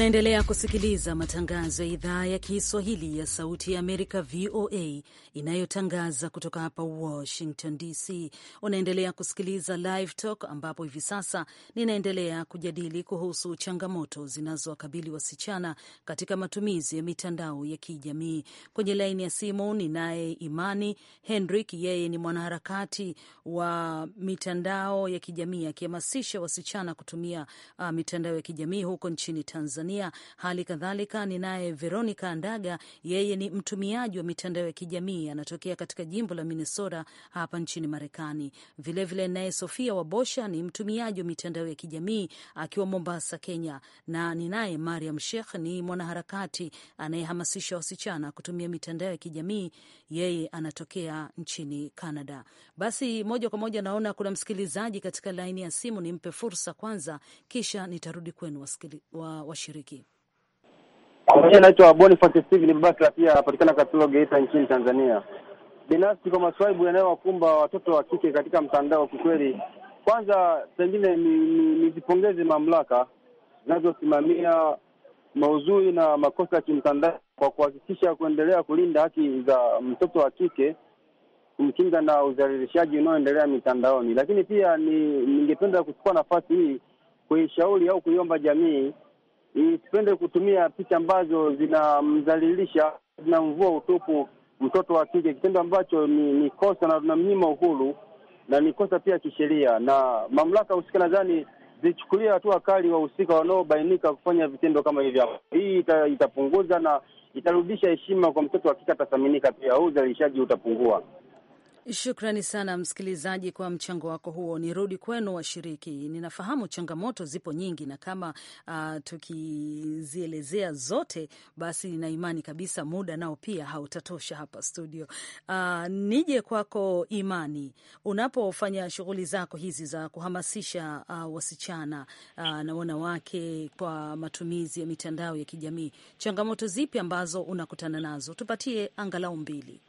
Unaendelea kusikiliza matangazo ya idhaa ya Kiswahili ya Sauti ya Amerika, VOA, inayotangaza kutoka hapa Washington DC. Unaendelea kusikiliza Live Talk, ambapo hivi sasa ninaendelea kujadili kuhusu changamoto zinazowakabili wasichana katika matumizi ya mitandao ya kijamii. Kwenye laini ya simu ninaye Imani Henrik, yeye ni mwanaharakati wa mitandao ya kijamii akihamasisha wasichana kutumia uh, mitandao ya kijamii huko nchini Tanzania. Tanzania. Hali kadhalika ninaye Veronica Ndaga, yeye ni mtumiaji wa mitandao ya kijamii, anatokea katika jimbo la Minnesota hapa nchini Marekani. Vilevile naye Sofia Wabosha, ni mtumiaji wa mitandao ya kijamii akiwa Mombasa, Kenya, na ninaye Mariam Sheikh, ni mwanaharakati anayehamasisha wasichana kutumia mitandao ya kijamii, yeye anatokea nchini Canada. Basi moja kwa moja naona kuna msikilizaji katika laini ya simu, nimpe fursa kwanza, kisha nitarudi kwenu washiriki. Mashariki. Kwa majina naitwa Boniface Steven Bakla, pia anapatikana Katulo, Geita nchini Tanzania. Binafsi kwa maswaibu yanayowakumba watoto wa kike katika mtandao, kikweli, kwanza pengine nizipongeze ni, ni mamlaka zinazosimamia mauzuri na makosa ya kimtandao kwa kuhakikisha kuendelea kulinda haki za mtoto wa kike kumkinga na udhalilishaji unaoendelea mitandaoni. Lakini pia ni ningependa kuchukua nafasi hii kuishauri au kuiomba jamii isipende kutumia picha ambazo zinamdhalilisha, zinamvua utupu mtoto wa kike, kitendo ambacho ni, ni kosa na tunamnyima uhuru na ni kosa pia kisheria, na mamlaka husika nadhani zichukulia hatua kali wahusika wanaobainika kufanya vitendo kama hivyo. Hii ita, itapunguza na itarudisha heshima kwa mtoto wa kike, atathaminika pia, huu uzalilishaji utapungua. Shukrani sana msikilizaji kwa mchango wako huo. Nirudi kwenu washiriki, ninafahamu changamoto zipo nyingi, na kama uh, tukizielezea zote, basi nina imani kabisa muda nao pia hautatosha hapa studio. Uh, nije kwako Imani, unapofanya shughuli zako hizi za kuhamasisha uh, wasichana uh, na wanawake kwa matumizi ya mitandao ya kijamii, changamoto zipi ambazo unakutana nazo? Tupatie angalau mbili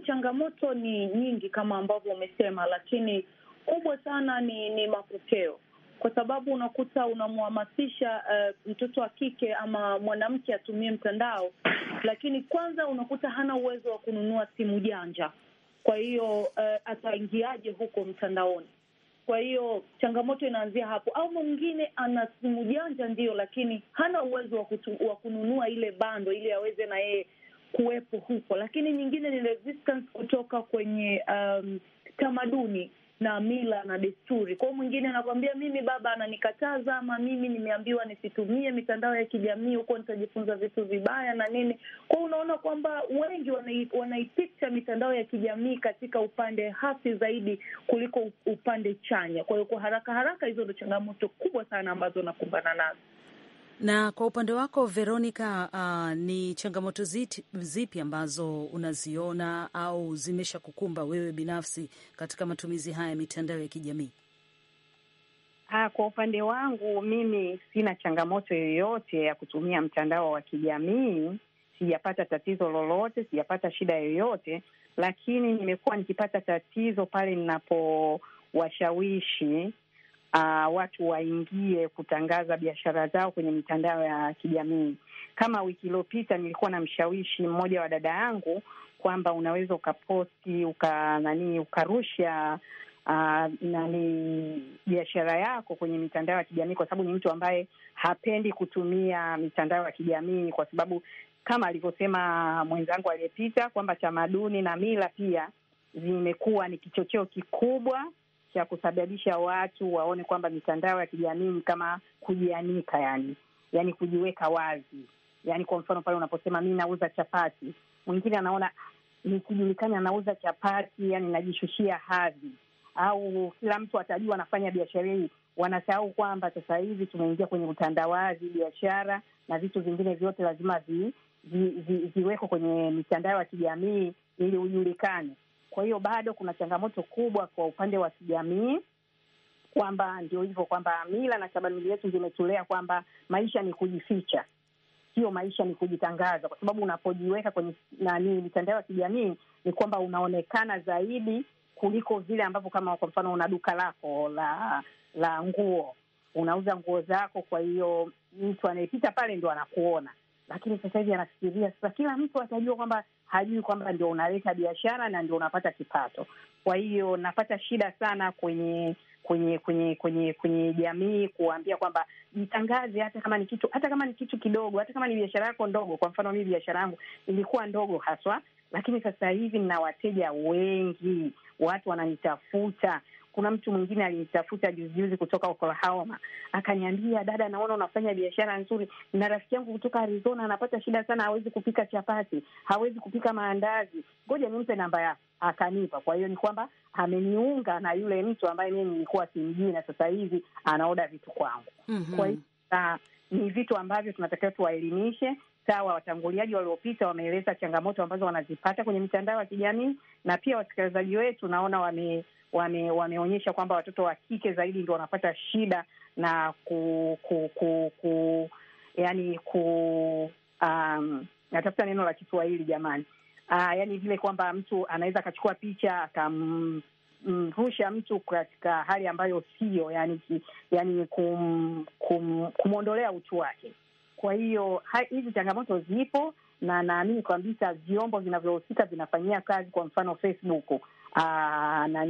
changamoto ni nyingi kama ambavyo umesema, lakini kubwa sana ni ni mapokeo, kwa sababu unakuta unamhamasisha uh, eh, mtoto wa kike ama mwanamke atumie mtandao, lakini kwanza unakuta hana uwezo wa kununua simu janja. Kwa hiyo uh, ataingiaje huko mtandaoni? Kwa hiyo changamoto inaanzia hapo, au mwingine ana simu janja ndio, lakini hana uwezo wa kununua ile bando ili aweze na yeye kuwepo huko, lakini nyingine ni resistance kutoka kwenye um, tamaduni na mila na desturi. Kwao mwingine anakuambia mimi baba ananikataza, ama mimi nimeambiwa nisitumie mitandao ya kijamii, huko nitajifunza vitu vibaya na nini. Kwao unaona kwamba wengi wanaipicha mitandao ya kijamii katika upande hasi zaidi kuliko upande chanya. Kwa hiyo kwa haraka haraka, hizo ndo changamoto kubwa sana ambazo nakumbana nazo. Na kwa upande wako Veronica, uh, ni changamoto zipi ambazo unaziona au zimesha kukumba wewe binafsi katika matumizi haya ya mitandao ya kijamii? Ha, kwa upande wangu mimi sina changamoto yoyote ya kutumia mtandao wa kijamii. Sijapata tatizo lolote, sijapata shida yoyote, lakini nimekuwa nikipata tatizo pale ninapowashawishi uh, watu waingie kutangaza biashara zao kwenye mitandao ya kijamii. Kama wiki iliyopita nilikuwa na mshawishi mmoja wa dada yangu kwamba unaweza ukaposti uka nani ukarusha Uh, nani biashara yako kwenye mitandao ya kijamii kwa sababu ni mtu ambaye hapendi kutumia mitandao ya kijamii kwa sababu kama alivyosema mwenzangu aliyepita kwamba tamaduni na mila pia zimekuwa ni kichocheo kikubwa cha kusababisha watu waone kwamba mitandao ya kijamii ni kama kujianika, yani yani kujiweka wazi. Yani kwa mfano pale unaposema mi nauza chapati, mwingine anaona nikijulikana nauza chapati, yani najishushia hadhi, au kila mtu atajua anafanya biashara hii. Wanasahau kwamba sasa hivi tumeingia kwenye utandawazi, biashara na vitu vingine vyote lazima vi, vi, vi, viwekwe kwenye mitandao ya kijamii ili ujulikane. Kwa hiyo bado kuna changamoto kubwa kwa upande wa kijamii, kwamba ndio hivyo kwamba mila na tamaduni zetu zimetulea kwamba maisha ni kujificha, sio maisha ni kujitangaza, kwa sababu unapojiweka kwenye nani mitandao ya kijamii ni kwamba unaonekana zaidi kuliko vile ambavyo, kama kwa mfano, una duka lako la la nguo, unauza nguo zako, kwa hiyo mtu anayepita pale ndo anakuona. Lakini sasa hivi anafikiria sasa, kila mtu atajua kwamba hajui kwamba ndio unaleta biashara na ndio unapata kipato. Kwa hiyo napata shida sana kwenye kwenye kwenye kwenye kwenye jamii kuambia kwamba jitangaze, hata kama ni kitu hata kama ni kitu kidogo, hata kama ni biashara yako ndogo. Kwa mfano, mimi biashara yangu ilikuwa ndogo haswa, lakini sasa hivi nina wateja wengi, watu wananitafuta kuna mtu mwingine alinitafuta juzijuzi kutoka Oklahoma, akaniambia dada, naona unafanya biashara nzuri, na rafiki yangu kutoka Arizona anapata shida sana, hawezi kupika chapati, hawezi kupika maandazi, ngoja nimpe namba yako. Akanipa. Kwa hiyo ni kwamba ameniunga na yule mtu ambaye mimi nilikuwa simjui, na sasa hivi anaoda vitu kwangu. mm -hmm. Kwa hiyo uh, ni vitu ambavyo tunatakiwa tuwaelimishe Sawa, watanguliaji waliopita wameeleza changamoto ambazo wanazipata kwenye mitandao ya kijamii, na pia wasikilizaji wetu naona wame wame, wameonyesha kwamba watoto wa kike zaidi ndio wanapata shida na ku, ku, ku, ku yani ku um, natafuta neno la Kiswahili jamani. Uh, yani vile kwamba mtu anaweza akachukua picha akamrusha mtu katika hali ambayo siyo yani, yani kum, kum, kumwondolea utu wake. Kwa hiyo hizi changamoto zipo na naamini kabisa vyombo vinavyohusika vinafanyia kazi, kwa mfano Facebook Ah, na,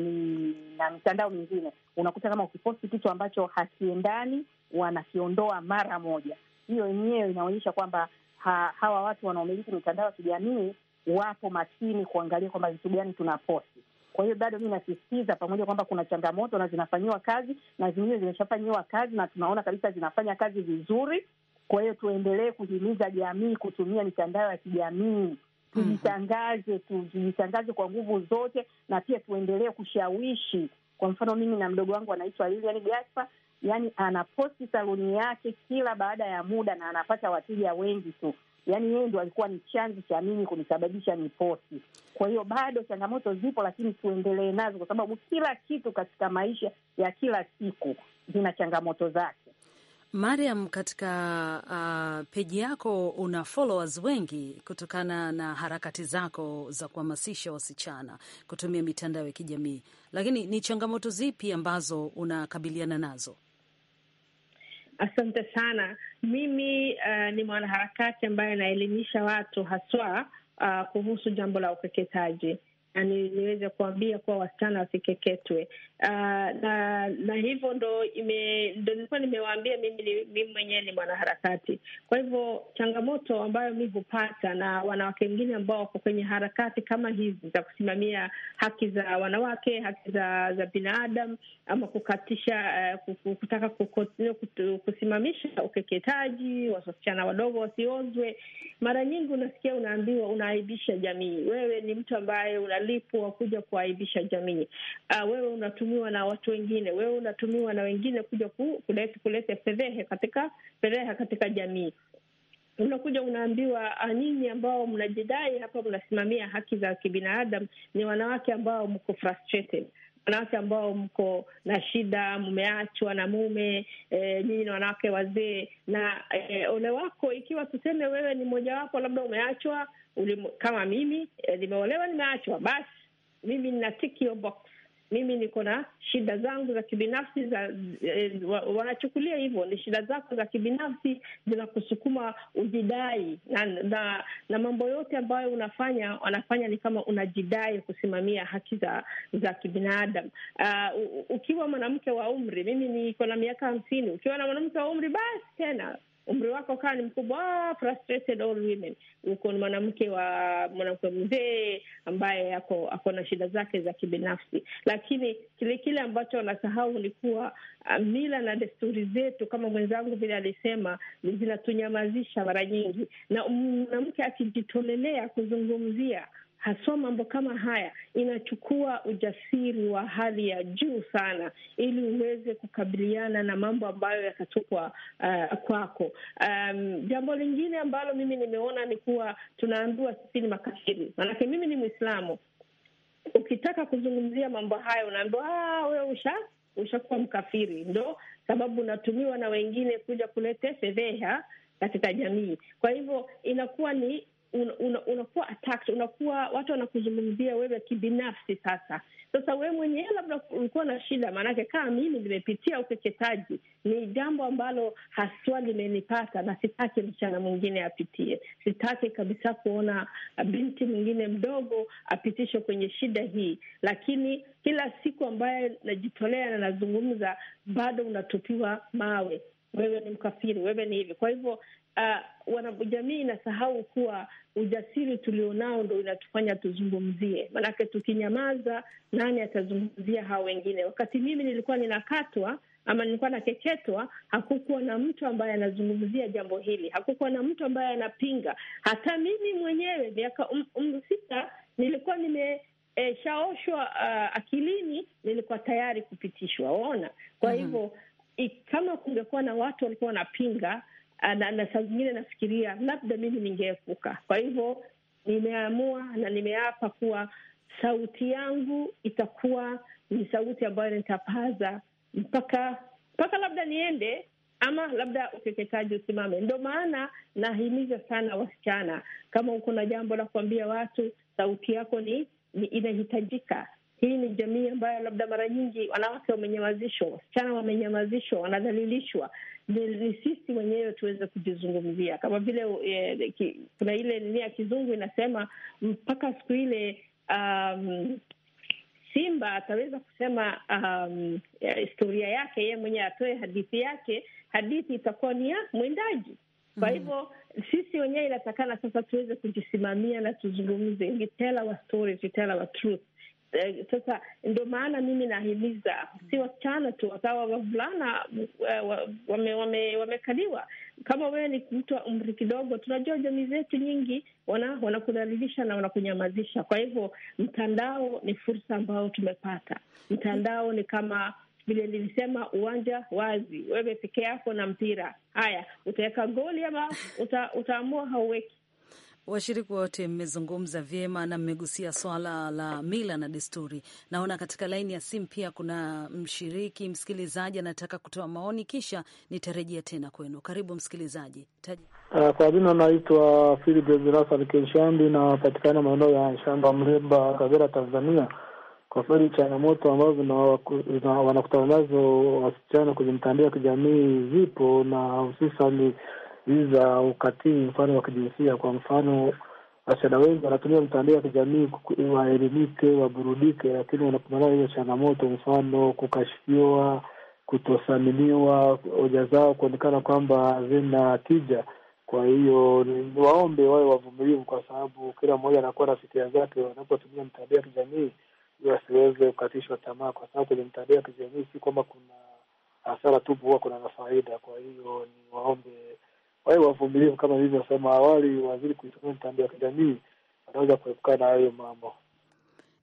na mitandao mingine, unakuta kama ukiposti kitu ambacho hakiendani wanakiondoa mara moja. Hiyo yenyewe inaonyesha kwamba ha, hawa watu wanaomiliki mitandao ya kijamii wapo makini kuangalia kwamba vitu gani tunaposti. Kwa hiyo bado mi nasisitiza pamoja kwamba kuna changamoto na zinafanyiwa kazi na zingine zimeshafanyiwa kazi na tunaona kabisa zinafanya kazi vizuri. Kwa hiyo tuendelee kuhimiza jamii kutumia mitandao ya kijamii tujitangaze tu, tujitangaze kwa nguvu zote, na pia tuendelee kushawishi. Kwa mfano, mimi na mdogo wangu anaitwa Lilian Gaspa, yani anaposti saluni yake kila baada ya muda na anapata wateja wengi tu, yani yeye ndo alikuwa ni chanzo cha mimi kunisababisha niposti. Kwa hiyo bado changamoto zipo, lakini tuendelee nazo, kwa sababu kila kitu katika maisha ya kila siku zina changamoto zake. Mariam, katika uh, peji yako una followers wengi kutokana na harakati zako za kuhamasisha wasichana kutumia mitandao ya kijamii, lakini ni changamoto zipi ambazo unakabiliana nazo? Asante sana. Mimi uh, ni mwanaharakati ambaye anaelimisha watu haswa uh, kuhusu jambo la ukeketaji, niweze kuambia kuwa wasichana wasikeketwe. Uh, na na hivyo ndo ndo nilikuwa nimewaambia mimi, mimi mwenyewe ni mwanaharakati. Kwa hivyo changamoto ambayo mi hupata na wanawake wengine ambao wako kwenye harakati kama hizi za kusimamia haki za wanawake, haki za za binadamu ama kukatisha uh, kutaka kusimamisha ukeketaji, wasichana wadogo wasiozwe, mara nyingi unasikia unaambiwa unaaibisha jamii, wewe ni mtu ambaye unalipwa kuja kuaibisha jamii, uh, wewe unatumia unatumiwa na watu wengine, wewe unatumiwa na wengine kuja kuleta kuleta fedhehe katika fedheha katika jamii. Unakuja unaambiwa, ah, nyinyi ambao mnajidai hapa mnasimamia haki za kibinadamu ni wanawake ambao mko frustrated wanawake ambao mko na shida, mmeachwa na mume e, nyinyi ni wanawake wazee na e, ole wako ikiwa tuseme wewe ni mmojawapo, labda umeachwa ulimu, kama mimi e, nimeolewa nimeachwa, basi mimi nina tick your box mimi niko na shida zangu za kibinafsi za e, wanachukulia hivyo ni shida zako za kibinafsi zinakusukuma ujidai na, na na mambo yote ambayo unafanya wanafanya ni kama unajidai kusimamia haki za za kibinadamu. Uh, ukiwa mwanamke wa umri, mimi niko na miaka hamsini. Ukiwa na mwanamke wa umri, basi tena umri wako kaa ni mkubwa, ah, frustrated all women, uko ni mwanamke wa mwanamke mzee ambaye ako ako na shida zake za kibinafsi. Lakini kile kile ambacho wanasahau ni kuwa ah, mila na desturi zetu, kama mwenzangu vile alisema, zinatunyamazisha mara nyingi, na mwanamke akijitolelea kuzungumzia haswa mambo kama haya inachukua ujasiri wa hali ya juu sana, ili uweze kukabiliana na mambo ambayo yatatupwa uh, kwako. Um, jambo lingine ambalo mimi nimeona ni kuwa tunaambiwa sisi ni makafiri, maanake mimi ni Mwislamu. Ukitaka kuzungumzia mambo haya unaambiwa we ah, wewe usha ushakuwa mkafiri, ndo sababu unatumiwa na wengine kuja kulete fedheha katika jamii. Kwa hivyo inakuwa ni unakuwa attacked, unakuwa watu wanakuzungumzia wewe kibinafsi. Sasa sasa wewe mwenyewe labda ulikuwa na shida, maanake kama mimi nimepitia ukeketaji, ni jambo ambalo haswa limenipata na sitaki msichana mwingine apitie. Sitaki kabisa kuona binti mwingine mdogo apitishwe kwenye shida hii, lakini kila siku ambayo najitolea na nazungumza, bado unatupiwa mawe wewe ni mkafiri, wewe ni hivi. Kwa hivyo uh, ah, wanajamii inasahau kuwa ujasiri tulionao ndo inatufanya tuzungumzie, manake tukinyamaza, nani atazungumzia hao wengine? Wakati mimi nilikuwa ninakatwa ama nilikuwa nakeketwa, hakukuwa na mtu ambaye anazungumzia jambo hili, hakukuwa na mtu ambaye anapinga. Hata mimi mwenyewe miaka sita nilikuwa nimeshaoshwa eh, e, uh, ah, akilini, nilikuwa tayari kupitishwa. ona. kwa mhm. hivyo mm -hmm. Kama kungekuwa na watu walikuwa wanapinga na, na saa zingine nafikiria labda mimi ningeepuka. Kwa hivyo nimeamua na nimeapa kuwa sauti yangu itakuwa ni sauti ambayo nitapaza mpaka mpaka labda niende ama labda ukeketaji usimame. Ndo maana nahimiza sana wasichana, kama uko na jambo la kuambia watu, sauti yako ni, ni inahitajika. Hii ni jamii ambayo labda mara nyingi wanawake wamenyamazishwa, wasichana wamenyamazishwa, wanadhalilishwa ni sisi wenyewe tuweze kujizungumzia, kama vile eh, ki, kuna ile nini ya kizungu inasema mpaka siku ile um, simba ataweza kusema um, eh, historia yake yeye mwenyewe, atoe hadithi yake, hadithi itakuwa ni ya mwindaji. Kwa mm-hmm. hivyo mm -hmm. sisi wenyewe inatakana sasa tuweze kujisimamia na tuzungumze, we tell our story, we tell our truth eh, sasa ndio maana mimi nahimiza si wasichana tu wasawa wavulana eh, wamekaliwa wame, kama wewe ni mtu wa umri kidogo, tunajua jamii zetu nyingi wana wanakudhalilisha na wanakunyamazisha. Kwa hivyo mtandao ni fursa ambayo tumepata. Mtandao ni kama vile nilisema, uwanja wazi, wewe peke yako na mpira. Haya, utaweka goli ama uta, utaamua hauweki Washiriki wote mmezungumza vyema na mmegusia swala la mila na desturi. Naona katika laini ya simu pia kuna mshiriki msikilizaji anataka kutoa maoni, kisha nitarejea tena kwenu. Karibu msikilizaji. Taji. Uh, kwa jina naitwa Philip Hassan Kenshambi, napatikana maeneo ya shamba Mreba, Kagera, Tanzania. Kwa kweli changamoto ambazo wanakutana nazo wasichana kwenye mtandao wa kijamii zipo na hususani hizi za ukatili, mfano wa kijinsia. Kwa mfano, wasichana wengi wanatumia mtandao wa kijamii waelimike, waburudike, lakini wanakumbana hiyo changamoto, mfano kukashifiwa, kutosaminiwa hoja zao kuonekana kwamba zina tija. Kwa hiyo waombe wawe wavumilivu, kwa sababu kila mmoja anakuwa na fikira zake wanapotumia mtandao wa kijamii wasiweze asiweze kukatishwa tamaa, kwa sababu kwenye mtandao wa kijamii si kwamba kuna hasara tupu, huwa kuna na faida. Kwa hiyo ni waombe wawe wavumilivu kama ilivyosema awali, waziri kuitumia mitandao ya kijamii, wanaweza kuepukana na hayo mambo.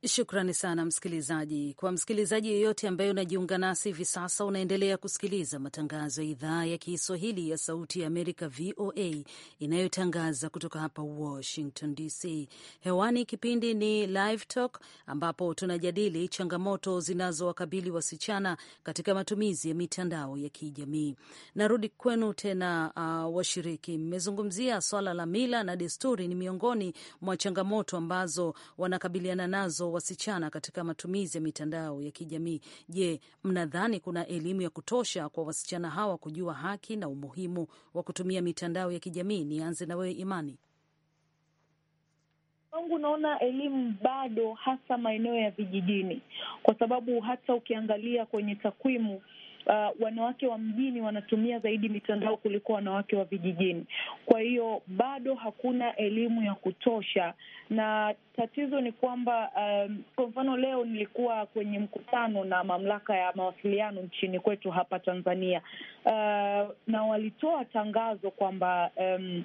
Shukrani sana msikilizaji. Kwa msikilizaji yeyote ambaye unajiunga nasi hivi sasa, unaendelea kusikiliza matangazo ya idhaa ya Kiswahili ya Sauti ya Amerika, VOA, inayotangaza kutoka hapa Washington DC. Hewani kipindi ni Live Talk, ambapo tunajadili changamoto zinazowakabili wasichana katika matumizi ya mitandao ya kijamii. Narudi kwenu tena, uh, washiriki, mmezungumzia swala la mila na desturi, ni miongoni mwa changamoto ambazo wanakabiliana nazo wasichana katika matumizi ya mitandao ya kijamii. Je, mnadhani kuna elimu ya kutosha kwa wasichana hawa kujua haki na umuhimu wa kutumia mitandao ya kijamii? Nianze na wewe Imani. Kwangu naona elimu bado, hasa maeneo ya vijijini, kwa sababu hata ukiangalia kwenye takwimu uh, wanawake wa mjini wanatumia zaidi mitandao kuliko wanawake wa vijijini. Kwa hiyo bado hakuna elimu ya kutosha, na tatizo ni kwamba um, kwa mfano leo nilikuwa kwenye mkutano na mamlaka ya mawasiliano nchini kwetu hapa Tanzania, uh, na walitoa tangazo kwamba um,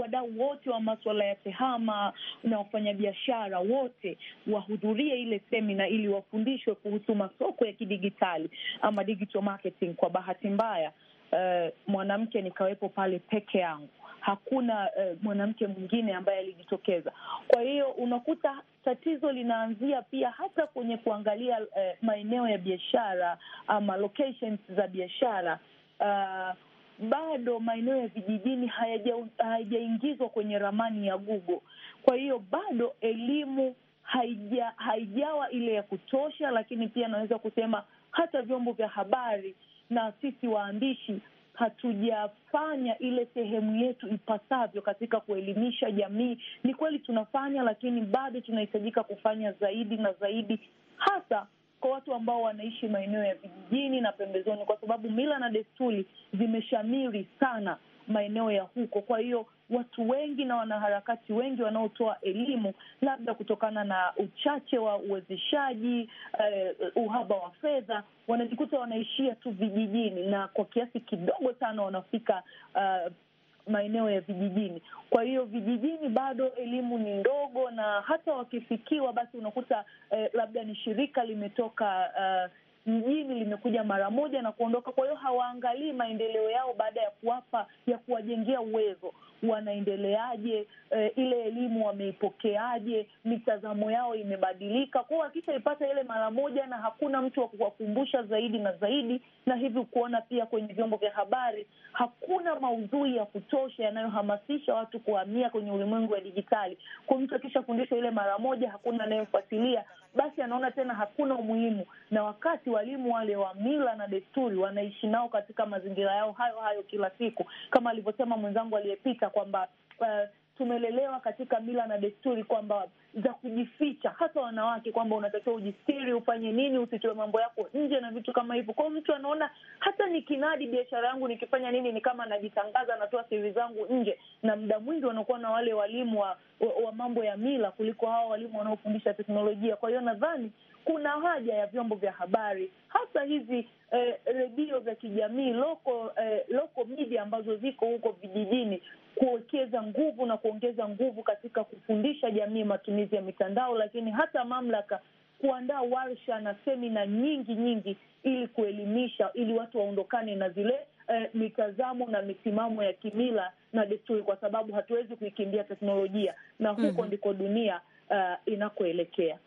wadau wote wa maswala ya tehama na wafanyabiashara wote wahudhurie ile semina ili wafundishwe kuhusu masoko ya kidigitali ama digital marketing. Kwa bahati mbaya Uh, mwanamke nikawepo pale peke yangu, hakuna uh, mwanamke mwingine ambaye alijitokeza. Kwa hiyo unakuta tatizo linaanzia pia hata kwenye kuangalia uh, maeneo ya biashara ama locations za biashara uh, bado maeneo ya vijijini hayajaingizwa kwenye ramani ya Google. Kwa hiyo bado elimu haija, haijawa ile ya kutosha, lakini pia naweza kusema hata vyombo vya habari na sisi waandishi hatujafanya ile sehemu yetu ipasavyo katika kuelimisha jamii. Ni kweli tunafanya, lakini bado tunahitajika kufanya zaidi na zaidi, hasa kwa watu ambao wanaishi maeneo ya vijijini na pembezoni, kwa sababu mila na desturi zimeshamiri sana maeneo ya huko. Kwa hiyo watu wengi na wanaharakati wengi wanaotoa elimu, labda kutokana na uchache wa uwezeshaji, eh, uhaba wa fedha, wanajikuta wanaishia tu vijijini na kwa kiasi kidogo sana wanafika uh, maeneo ya vijijini. Kwa hiyo vijijini bado elimu ni ndogo, na hata wakifikiwa basi unakuta eh, labda ni shirika limetoka uh, mjini limekuja mara moja na kuondoka. Kwa hiyo hawaangalii maendeleo yao baada ya kuwapa ya kuwajengea uwezo, wanaendeleaje? E, ile elimu wameipokeaje? Mitazamo yao imebadilika kwao. Wakishaipata ile mara moja, na hakuna mtu wa kuwakumbusha zaidi na zaidi, na hivi kuona pia kwenye vyombo vya habari hakuna maudhui ya kutosha yanayohamasisha watu kuhamia kwenye ulimwengu wa dijitali. Kwa mtu akishafundishwa ile mara moja, hakuna anayemfuatilia basi anaona tena hakuna umuhimu, na wakati walimu wale wa mila na desturi wanaishi nao katika mazingira yao hayo hayo kila siku, kama alivyosema mwenzangu aliyepita kwamba uh, tumelelewa katika mila na desturi kwamba za kujificha, hasa wanawake, kwamba unatakiwa ujistiri, ufanye nini, usitoe mambo yako nje na vitu kama hivyo. Kwao mtu anaona hata nikinadi biashara yangu, nikifanya nini, ni kama najitangaza, natoa siri zangu nje. Na muda mwingi wanakuwa na wale walimu wa, wa, mambo ya mila kuliko hawa walimu wanaofundisha teknolojia. Kwa hiyo nadhani kuna haja ya vyombo vya habari hasa hizi eh, redio za kijamii loko, eh, loko media ambazo ziko huko vijijini kuwekeza nguvu na kuongeza nguvu katika kufundisha jamii matumizi ya mitandao, lakini hata mamlaka kuandaa warsha na semina nyingi nyingi ili kuelimisha, ili watu waondokane na zile eh, mitazamo na misimamo ya kimila na desturi, kwa sababu hatuwezi kuikimbia teknolojia na huko mm -hmm. ndiko dunia uh, inakoelekea.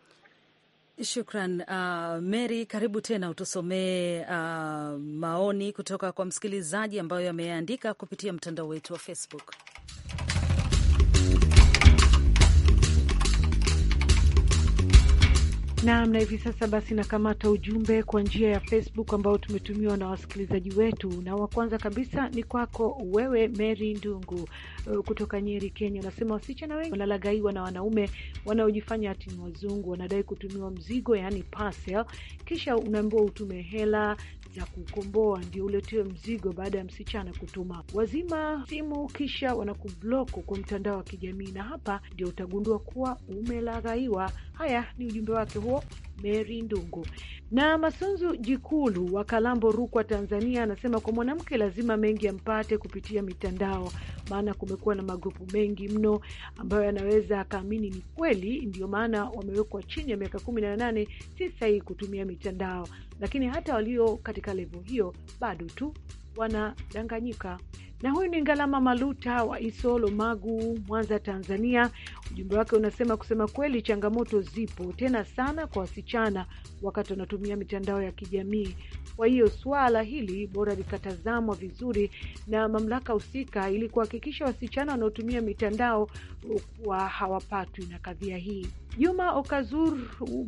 Shukran uh, Mary, karibu tena utusomee uh, maoni kutoka kwa msikilizaji ambayo ameandika kupitia mtandao wetu wa Facebook. Naam, na hivi sasa basi nakamata ujumbe kwa njia ya Facebook ambao tumetumiwa na wasikilizaji wetu, na wa kwanza kabisa ni kwako wewe Mary Ndungu uh, kutoka Nyeri, Kenya. Unasema wasichana wengi wanalagaiwa na wanaume wanaojifanya ati wazungu, wanadai kutumiwa mzigo, yaani parcel, kisha unaambiwa utume hela za kukomboa ndio uletewe mzigo baada ya msichana kutuma. Wazima simu kisha wanakubloku kwa mtandao wa kijamii, na hapa ndio utagundua kuwa umelaghaiwa. Haya ni ujumbe wake huo Mary Ndungu. Na Masunzu Jikulu wa Kalambo, Rukwa, Tanzania, anasema kwa mwanamke lazima mengi ampate kupitia mitandao, maana kumekuwa na magrupu mengi mno ambayo anaweza akaamini ni kweli, ndio maana wamewekwa chini ya miaka kumi na nane. Si sahihi kutumia mitandao, lakini hata walio katika levo hiyo bado tu wanadanganyika. Na huyu ni Ngalama Maluta wa Isolo, Magu, Mwanza, Tanzania. Ujumbe wake unasema, kusema kweli, changamoto zipo tena sana kwa wasichana wakati wanatumia mitandao ya kijamii. Kwa hiyo swala hili bora likatazamwa vizuri na mamlaka husika, ili kuhakikisha wasichana wanaotumia mitandao wa hawapatwi na kadhia hii. Juma Okazur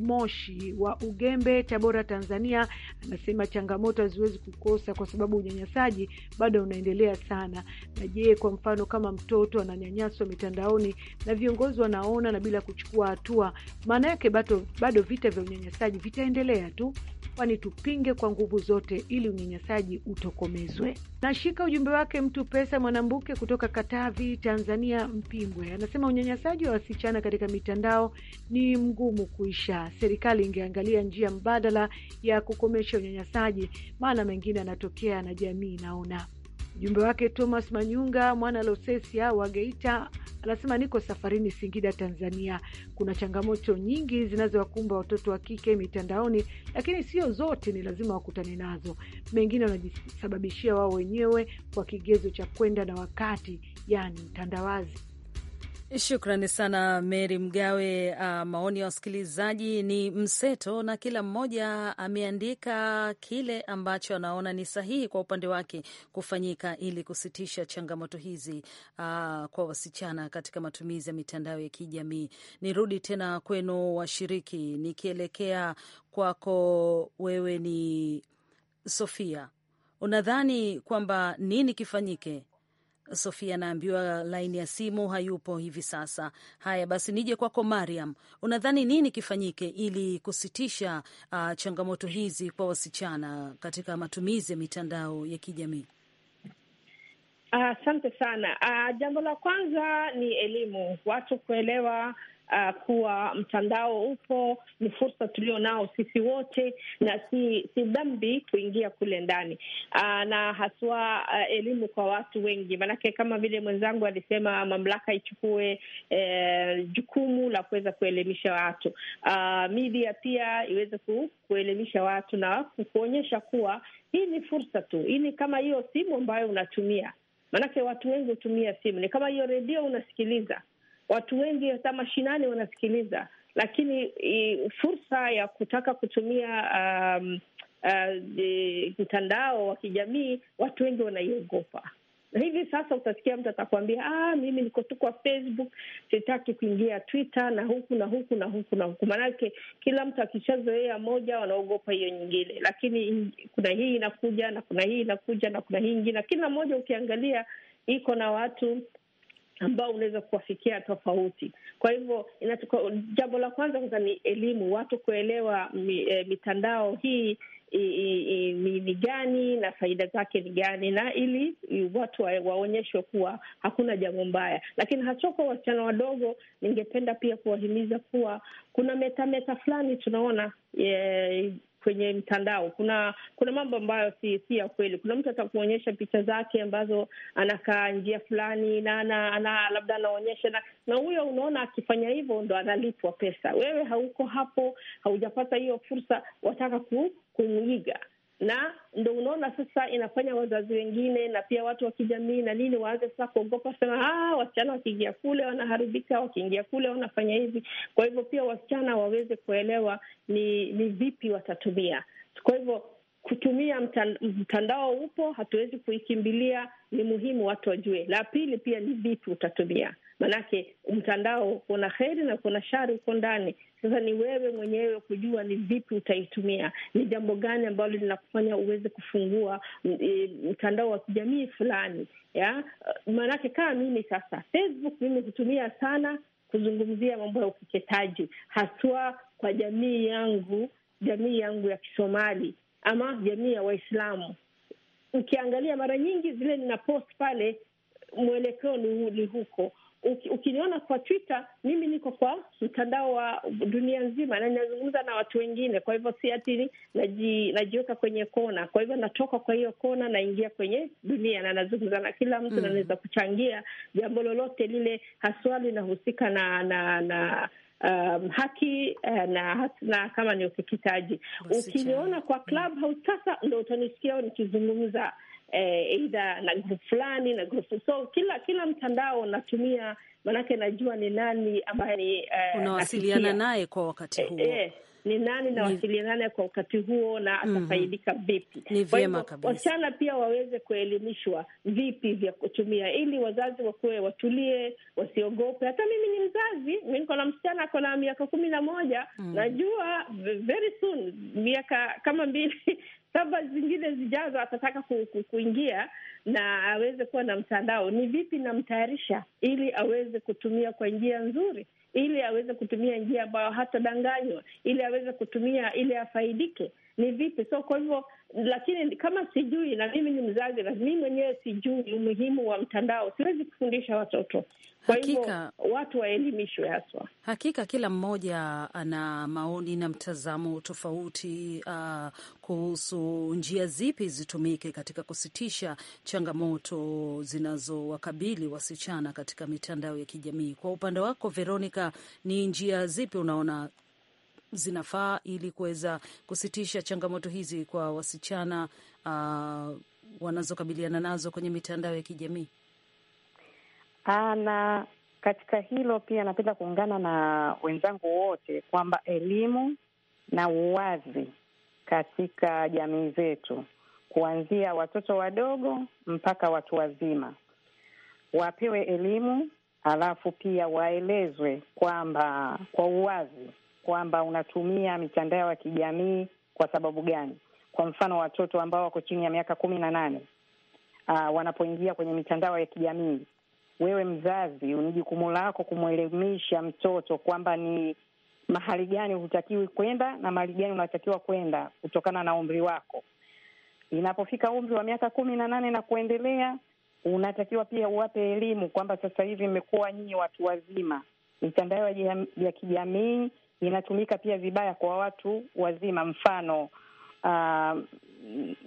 Moshi wa Ugembe, Tabora, Tanzania, anasema changamoto haziwezi kukosa kwa sababu unyanyasaji bado unaendelea sana. Na je, kwa mfano kama mtoto ananyanyaswa mitandaoni na viongozi wanaona na bila kuchukua hatua, maana yake bado, bado vita vya unyanyasaji vitaendelea tu, kwani tupinge kwa nguvu zote ili unyanyasaji utokomezwe. Nashika ujumbe wake mtu pesa Mwanambuke kutoka Katavi, Tanzania, Mpimbwe, anasema unyanyasaji wa wasichana katika mitandao ni mgumu kuisha. Serikali ingeangalia njia mbadala ya kukomesha unyanyasaji, maana mengine yanatokea na jamii inaona. Mjumbe wake Thomas Manyunga mwana Losesia wa Geita anasema niko safarini Singida, Tanzania. Kuna changamoto nyingi zinazowakumba watoto wa kike mitandaoni, lakini sio zote ni lazima wakutane nazo. Mengine wanajisababishia wao wenyewe kwa kigezo cha kwenda na wakati, yani mtandawazi. Shukrani sana Mary Mgawe. Uh, maoni ya wasikilizaji ni mseto na kila mmoja ameandika kile ambacho anaona ni sahihi kwa upande wake kufanyika ili kusitisha changamoto hizi uh, kwa wasichana katika matumizi ya mitandao ya kijamii. Nirudi tena kwenu washiriki, nikielekea kwako wewe, ni Sofia, unadhani kwamba nini kifanyike Sofia anaambiwa laini ya simu hayupo hivi sasa. Haya basi, nije kwako Mariam, unadhani nini kifanyike ili kusitisha uh, changamoto hizi kwa wasichana katika matumizi ya mitandao ya kijamii? Asante uh, sana. Uh, jambo la kwanza ni elimu, watu kuelewa Uh, kuwa mtandao upo, ni fursa tulio nao sisi wote, na si si dhambi kuingia kule ndani uh, na haswa uh, elimu kwa watu wengi, maanake kama vile mwenzangu alisema, mamlaka ichukue eh, jukumu la kuweza kuelimisha watu uh, media pia iweze ku, kuelimisha watu na kuonyesha kuwa hii ni fursa tu, hii ni kama hiyo simu ambayo unatumia Maanake watu wengi hutumia simu, ni kama hiyo redio unasikiliza, watu wengi hata mashinani wanasikiliza, lakini i, fursa ya kutaka kutumia um, uh, mtandao wa kijamii watu wengi wanaiogopa hivi sasa utasikia mtu atakwambia, ah, mimi niko tu kwa Facebook, sitaki kuingia Twitter na huku na huku na huku na huku. Maanake kila mtu akishazoea moja, wanaogopa hiyo nyingine, lakini kuna hii inakuja na kuna hii inakuja na kuna hii ingine, na kila mmoja ukiangalia iko na watu ambao unaweza kuwafikia tofauti. Kwa hivyo inatuko, jambo la kwanza kwanza ni elimu, watu kuelewa eh, mitandao hii ni gani na faida zake ni gani, na ili watu wa, waonyeshwe kuwa hakuna jambo mbaya. Lakini haswa kwa wasichana wadogo, ningependa pia kuwahimiza kuwa kuna metameta fulani tunaona ye, kwenye mtandao kuna kuna mambo ambayo si si ya kweli. Kuna mtu atakuonyesha picha zake ambazo anakaa njia fulani na ana, ana labda anaonyesha na na huyo, unaona akifanya hivyo ndo analipwa pesa. Wewe hauko hapo, haujapata hiyo fursa, wataka ku, kumwiga na ndo unaona sasa inafanya wazazi wengine na pia watu wa kijamii na nini waanze sasa kuogopa sema, ah, wasichana wakiingia kule wanaharibika, wakiingia kule wanafanya hivi. Kwa hivyo pia wasichana waweze kuelewa ni ni vipi watatumia. Kwa hivyo kutumia mtandao upo, hatuwezi kuikimbilia, ni muhimu watu wajue. La pili pia ni vipi utatumia Maanake mtandao na heri na na shari huko ndani. Sasa ni wewe mwenyewe kujua ni vipi utaitumia, ni jambo gani ambalo linakufanya uweze kufungua e, mtandao wa kijamii fulani ya maanake. Kama mimi sasa, Facebook mimi hutumia sana kuzungumzia mambo ya ukeketaji, haswa kwa jamii yangu, jamii yangu ya Kisomali ama jamii ya Waislamu. Ukiangalia mara nyingi zile nina post pale, mwelekeo ni huko ukiniona kwa Twitter, mimi niko kwa mtandao wa dunia nzima na ninazungumza na watu wengine. Kwa hivyo si ati naji, najiweka kwenye kona. Kwa hivyo natoka kwa hiyo kona, naingia kwenye dunia na nazungumza na kila mtu mm. Naweza kuchangia jambo lolote lile, haswa linahusika na na na Um, haki eh, na, na kama ni ukikitaji, Ukiniona kwa mm. Clubhouse sasa ndo utanisikia nikizungumza eh, eidha na grupu fulani na grupu, so kila kila mtandao natumia, maanake najua ni nani ambaye ni eh, unawasiliana naye kwa wakati eh, huo eh, eh, ni nani nawasiliana naye kwa wakati huo na mhm. atafaidika mm vipi. Ni vyema kabisa wasichana pia waweze kuelimishwa vipi vya kutumia, ili wazazi wakuwe watulie, wasiogope. Hata mimi ni mzazi, mi niko na msichana ako na miaka kumi na moja mm najua very soon miaka kama mbili saba zingine zijazo atataka kuingia na aweze kuwa na mtandao, ni vipi namtayarisha ili aweze kutumia kwa njia nzuri, ili aweze kutumia njia ambayo hatadanganywa, ili aweze kutumia ili afaidike, ni vipi? So kwa hivyo lakini kama sijui, na mimi ni mzazi, na mimi mwenyewe sijui umuhimu wa mtandao, siwezi kufundisha watoto. Kwa hivyo watu waelimishwe haswa. Hakika kila mmoja ana maoni na mtazamo tofauti uh, kuhusu njia zipi zitumike katika kusitisha changamoto zinazowakabili wasichana katika mitandao ya kijamii. Kwa upande wako Veronica, ni njia zipi unaona zinafaa ili kuweza kusitisha changamoto hizi kwa wasichana uh, wanazokabiliana nazo kwenye mitandao ya kijamii ah, na katika hilo pia napenda kuungana na wenzangu wote kwamba elimu na uwazi katika jamii zetu kuanzia watoto wadogo mpaka watu wazima wapewe elimu, alafu pia waelezwe kwamba kwa uwazi kwamba unatumia mitandao ya kijamii kwa sababu gani. Kwa mfano, watoto ambao wako chini ya miaka kumi na nane uh, wanapoingia kwenye mitandao ya kijamii, wewe mzazi, ni jukumu lako kumwelimisha mtoto kwamba ni mahali gani hutakiwi kwenda na mahali gani unatakiwa kwenda kutokana na umri wako. Inapofika umri wa miaka kumi na nane na kuendelea, unatakiwa pia uwape elimu kwamba sasa hivi mmekuwa nyinyi watu wazima, mitandao ya kijamii inatumika pia vibaya kwa watu wazima. Mfano ah,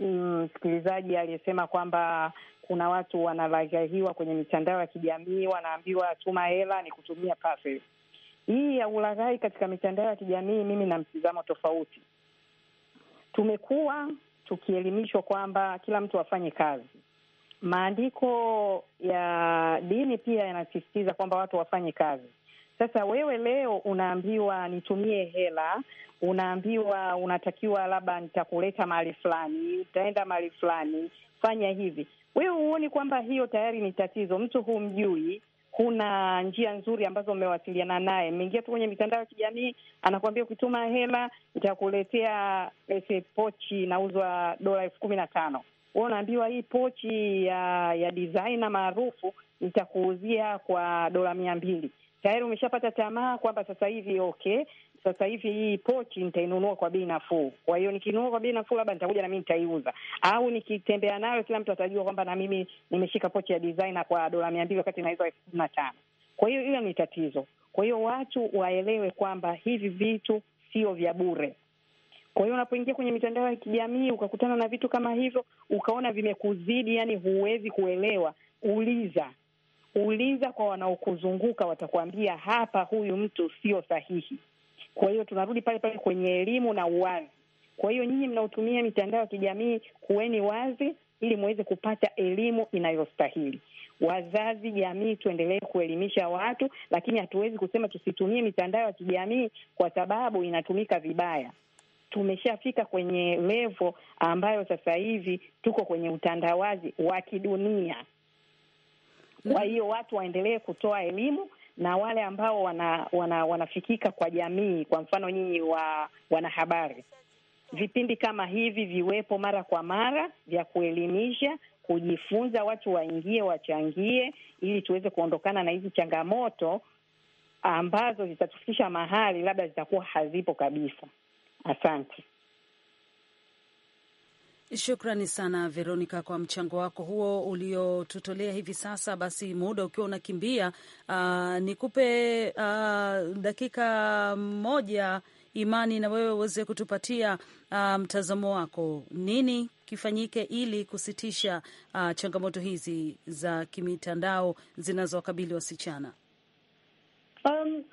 mm, msikilizaji uh, aliyesema kwamba kuna watu wanalaghaiwa kwenye mitandao ya kijamii, wanaambiwa tuma hela ni kutumia pafe. Hii ya ulaghai katika mitandao ya kijamii, mimi na mtizamo tofauti. Tumekuwa tukielimishwa kwamba kila mtu afanye kazi. Maandiko ya dini pia yanasisitiza kwamba watu wafanye kazi sasa wewe leo unaambiwa nitumie hela, unaambiwa unatakiwa labda nitakuleta mahali fulani, utaenda mahali fulani, fanya hivi. Wewe huoni kwamba hiyo tayari ni tatizo? Mtu humjui, huna njia nzuri ambazo mmewasiliana naye, mmeingia tu kwenye mitandao ya kijamii, anakuambia ukituma hela nitakuletea ese pochi inauzwa dola elfu kumi na tano wewe unaambiwa hii pochi ya ya designer maarufu nitakuuzia kwa dola mia mbili tayari umeshapata tamaa kwamba sasa hivi okay, sasa hivi hii pochi nitainunua kwa bei nafuu. Kwa hiyo nikinunua kwa bei nafuu, labda nitakuja na mimi nitaiuza, au nikitembea nayo, kila mtu atajua kwamba na mimi nimeshika pochi ya designer kwa dola mia mbili wakati inaweza elfu kumi na tano. Kwa hiyo hiyo ni tatizo. Kwa hiyo watu waelewe kwamba hivi vitu sio vya bure. Kwa hiyo unapoingia kwenye mitandao ya kijamii ukakutana na vitu kama hivyo, ukaona vimekuzidi, yani huwezi kuelewa, uliza uliza kwa wanaokuzunguka, watakuambia hapa, huyu mtu sio sahihi. Kwa hiyo tunarudi pale pale kwenye elimu na uwazi. Kwa hiyo nyinyi mnaotumia mitandao ya kijamii, kuweni wazi ili muweze kupata elimu inayostahili. Wazazi, jamii, tuendelee kuelimisha watu, lakini hatuwezi kusema tusitumie mitandao ya kijamii kwa sababu inatumika vibaya. Tumeshafika kwenye levo ambayo sasa hivi tuko kwenye utandawazi wa kidunia. Kwa hiyo watu waendelee kutoa elimu na wale ambao wana, wana, wanafikika kwa jamii, kwa mfano nyinyi wa wanahabari, vipindi kama hivi viwepo mara kwa mara vya kuelimisha, kujifunza, watu waingie, wachangie, ili tuweze kuondokana na hizi changamoto ambazo zitatufikisha mahali labda zitakuwa hazipo kabisa. Asante. Shukrani sana Veronica kwa mchango wako huo uliotutolea hivi sasa. Basi muda ukiwa unakimbia, uh, nikupe uh, dakika moja Imani, na wewe uweze kutupatia ah, mtazamo um, wako, nini kifanyike ili kusitisha uh, changamoto hizi za kimitandao zinazowakabili wasichana? um,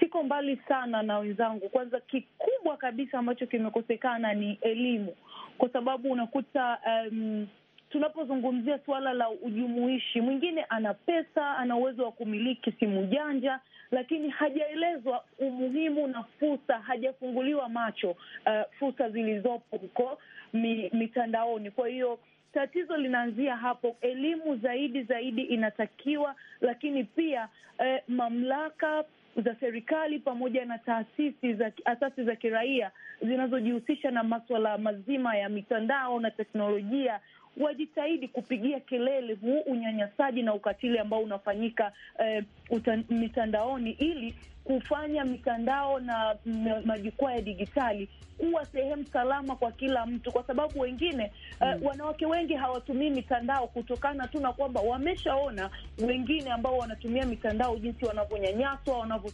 siko mbali sana na wenzangu. Kwanza kikubwa kabisa ambacho kimekosekana ni elimu kwa sababu unakuta um, tunapozungumzia suala la ujumuishi, mwingine ana pesa, ana uwezo wa kumiliki simu janja, lakini hajaelezwa umuhimu na fursa, hajafunguliwa macho uh, fursa zilizopo huko mi, mitandaoni. Kwa hiyo tatizo linaanzia hapo. Elimu zaidi zaidi inatakiwa, lakini pia eh, mamlaka za serikali pamoja na taasisi za asasi za kiraia zinazojihusisha na maswala mazima ya mitandao na teknolojia wajitahidi kupigia kelele huu unyanyasaji na ukatili ambao unafanyika eh, utan, mitandaoni ili kufanya mitandao na majukwaa ya dijitali kuwa sehemu salama kwa kila mtu, kwa sababu wengine mm, uh, wanawake wengi hawatumii mitandao kutokana tu na kwamba wameshaona wengine ambao wanatumia mitandao jinsi wanavyonyanyaswa wanavyo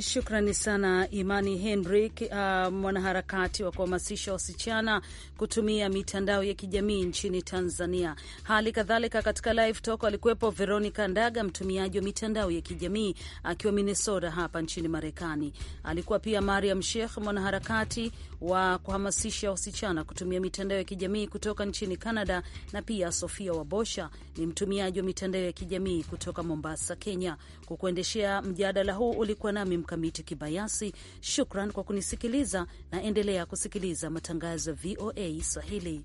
Shukrani sana Imani Henrik, uh, ah, mwanaharakati wa kuhamasisha wasichana kutumia mitandao ya kijamii nchini Tanzania. Hali kadhalika katika live talk alikuwepo Veronica Ndaga, mtumiaji wa mitandao ya kijamii akiwa Minnesota hapa nchini Marekani. Alikuwa pia Mariam Sheikh, mwanaharakati wa kuhamasisha wasichana kutumia mitandao ya kijamii kutoka nchini Canada, na pia Sofia Wabosha ni mtumiaji wa mitandao ya kijamii kutoka Mombasa, Kenya. Kukuendeshea mjadala huu ulikuwa nami Mkamiti Kibayasi. Shukran kwa kunisikiliza na endelea kusikiliza matangazo ya VOA Swahili.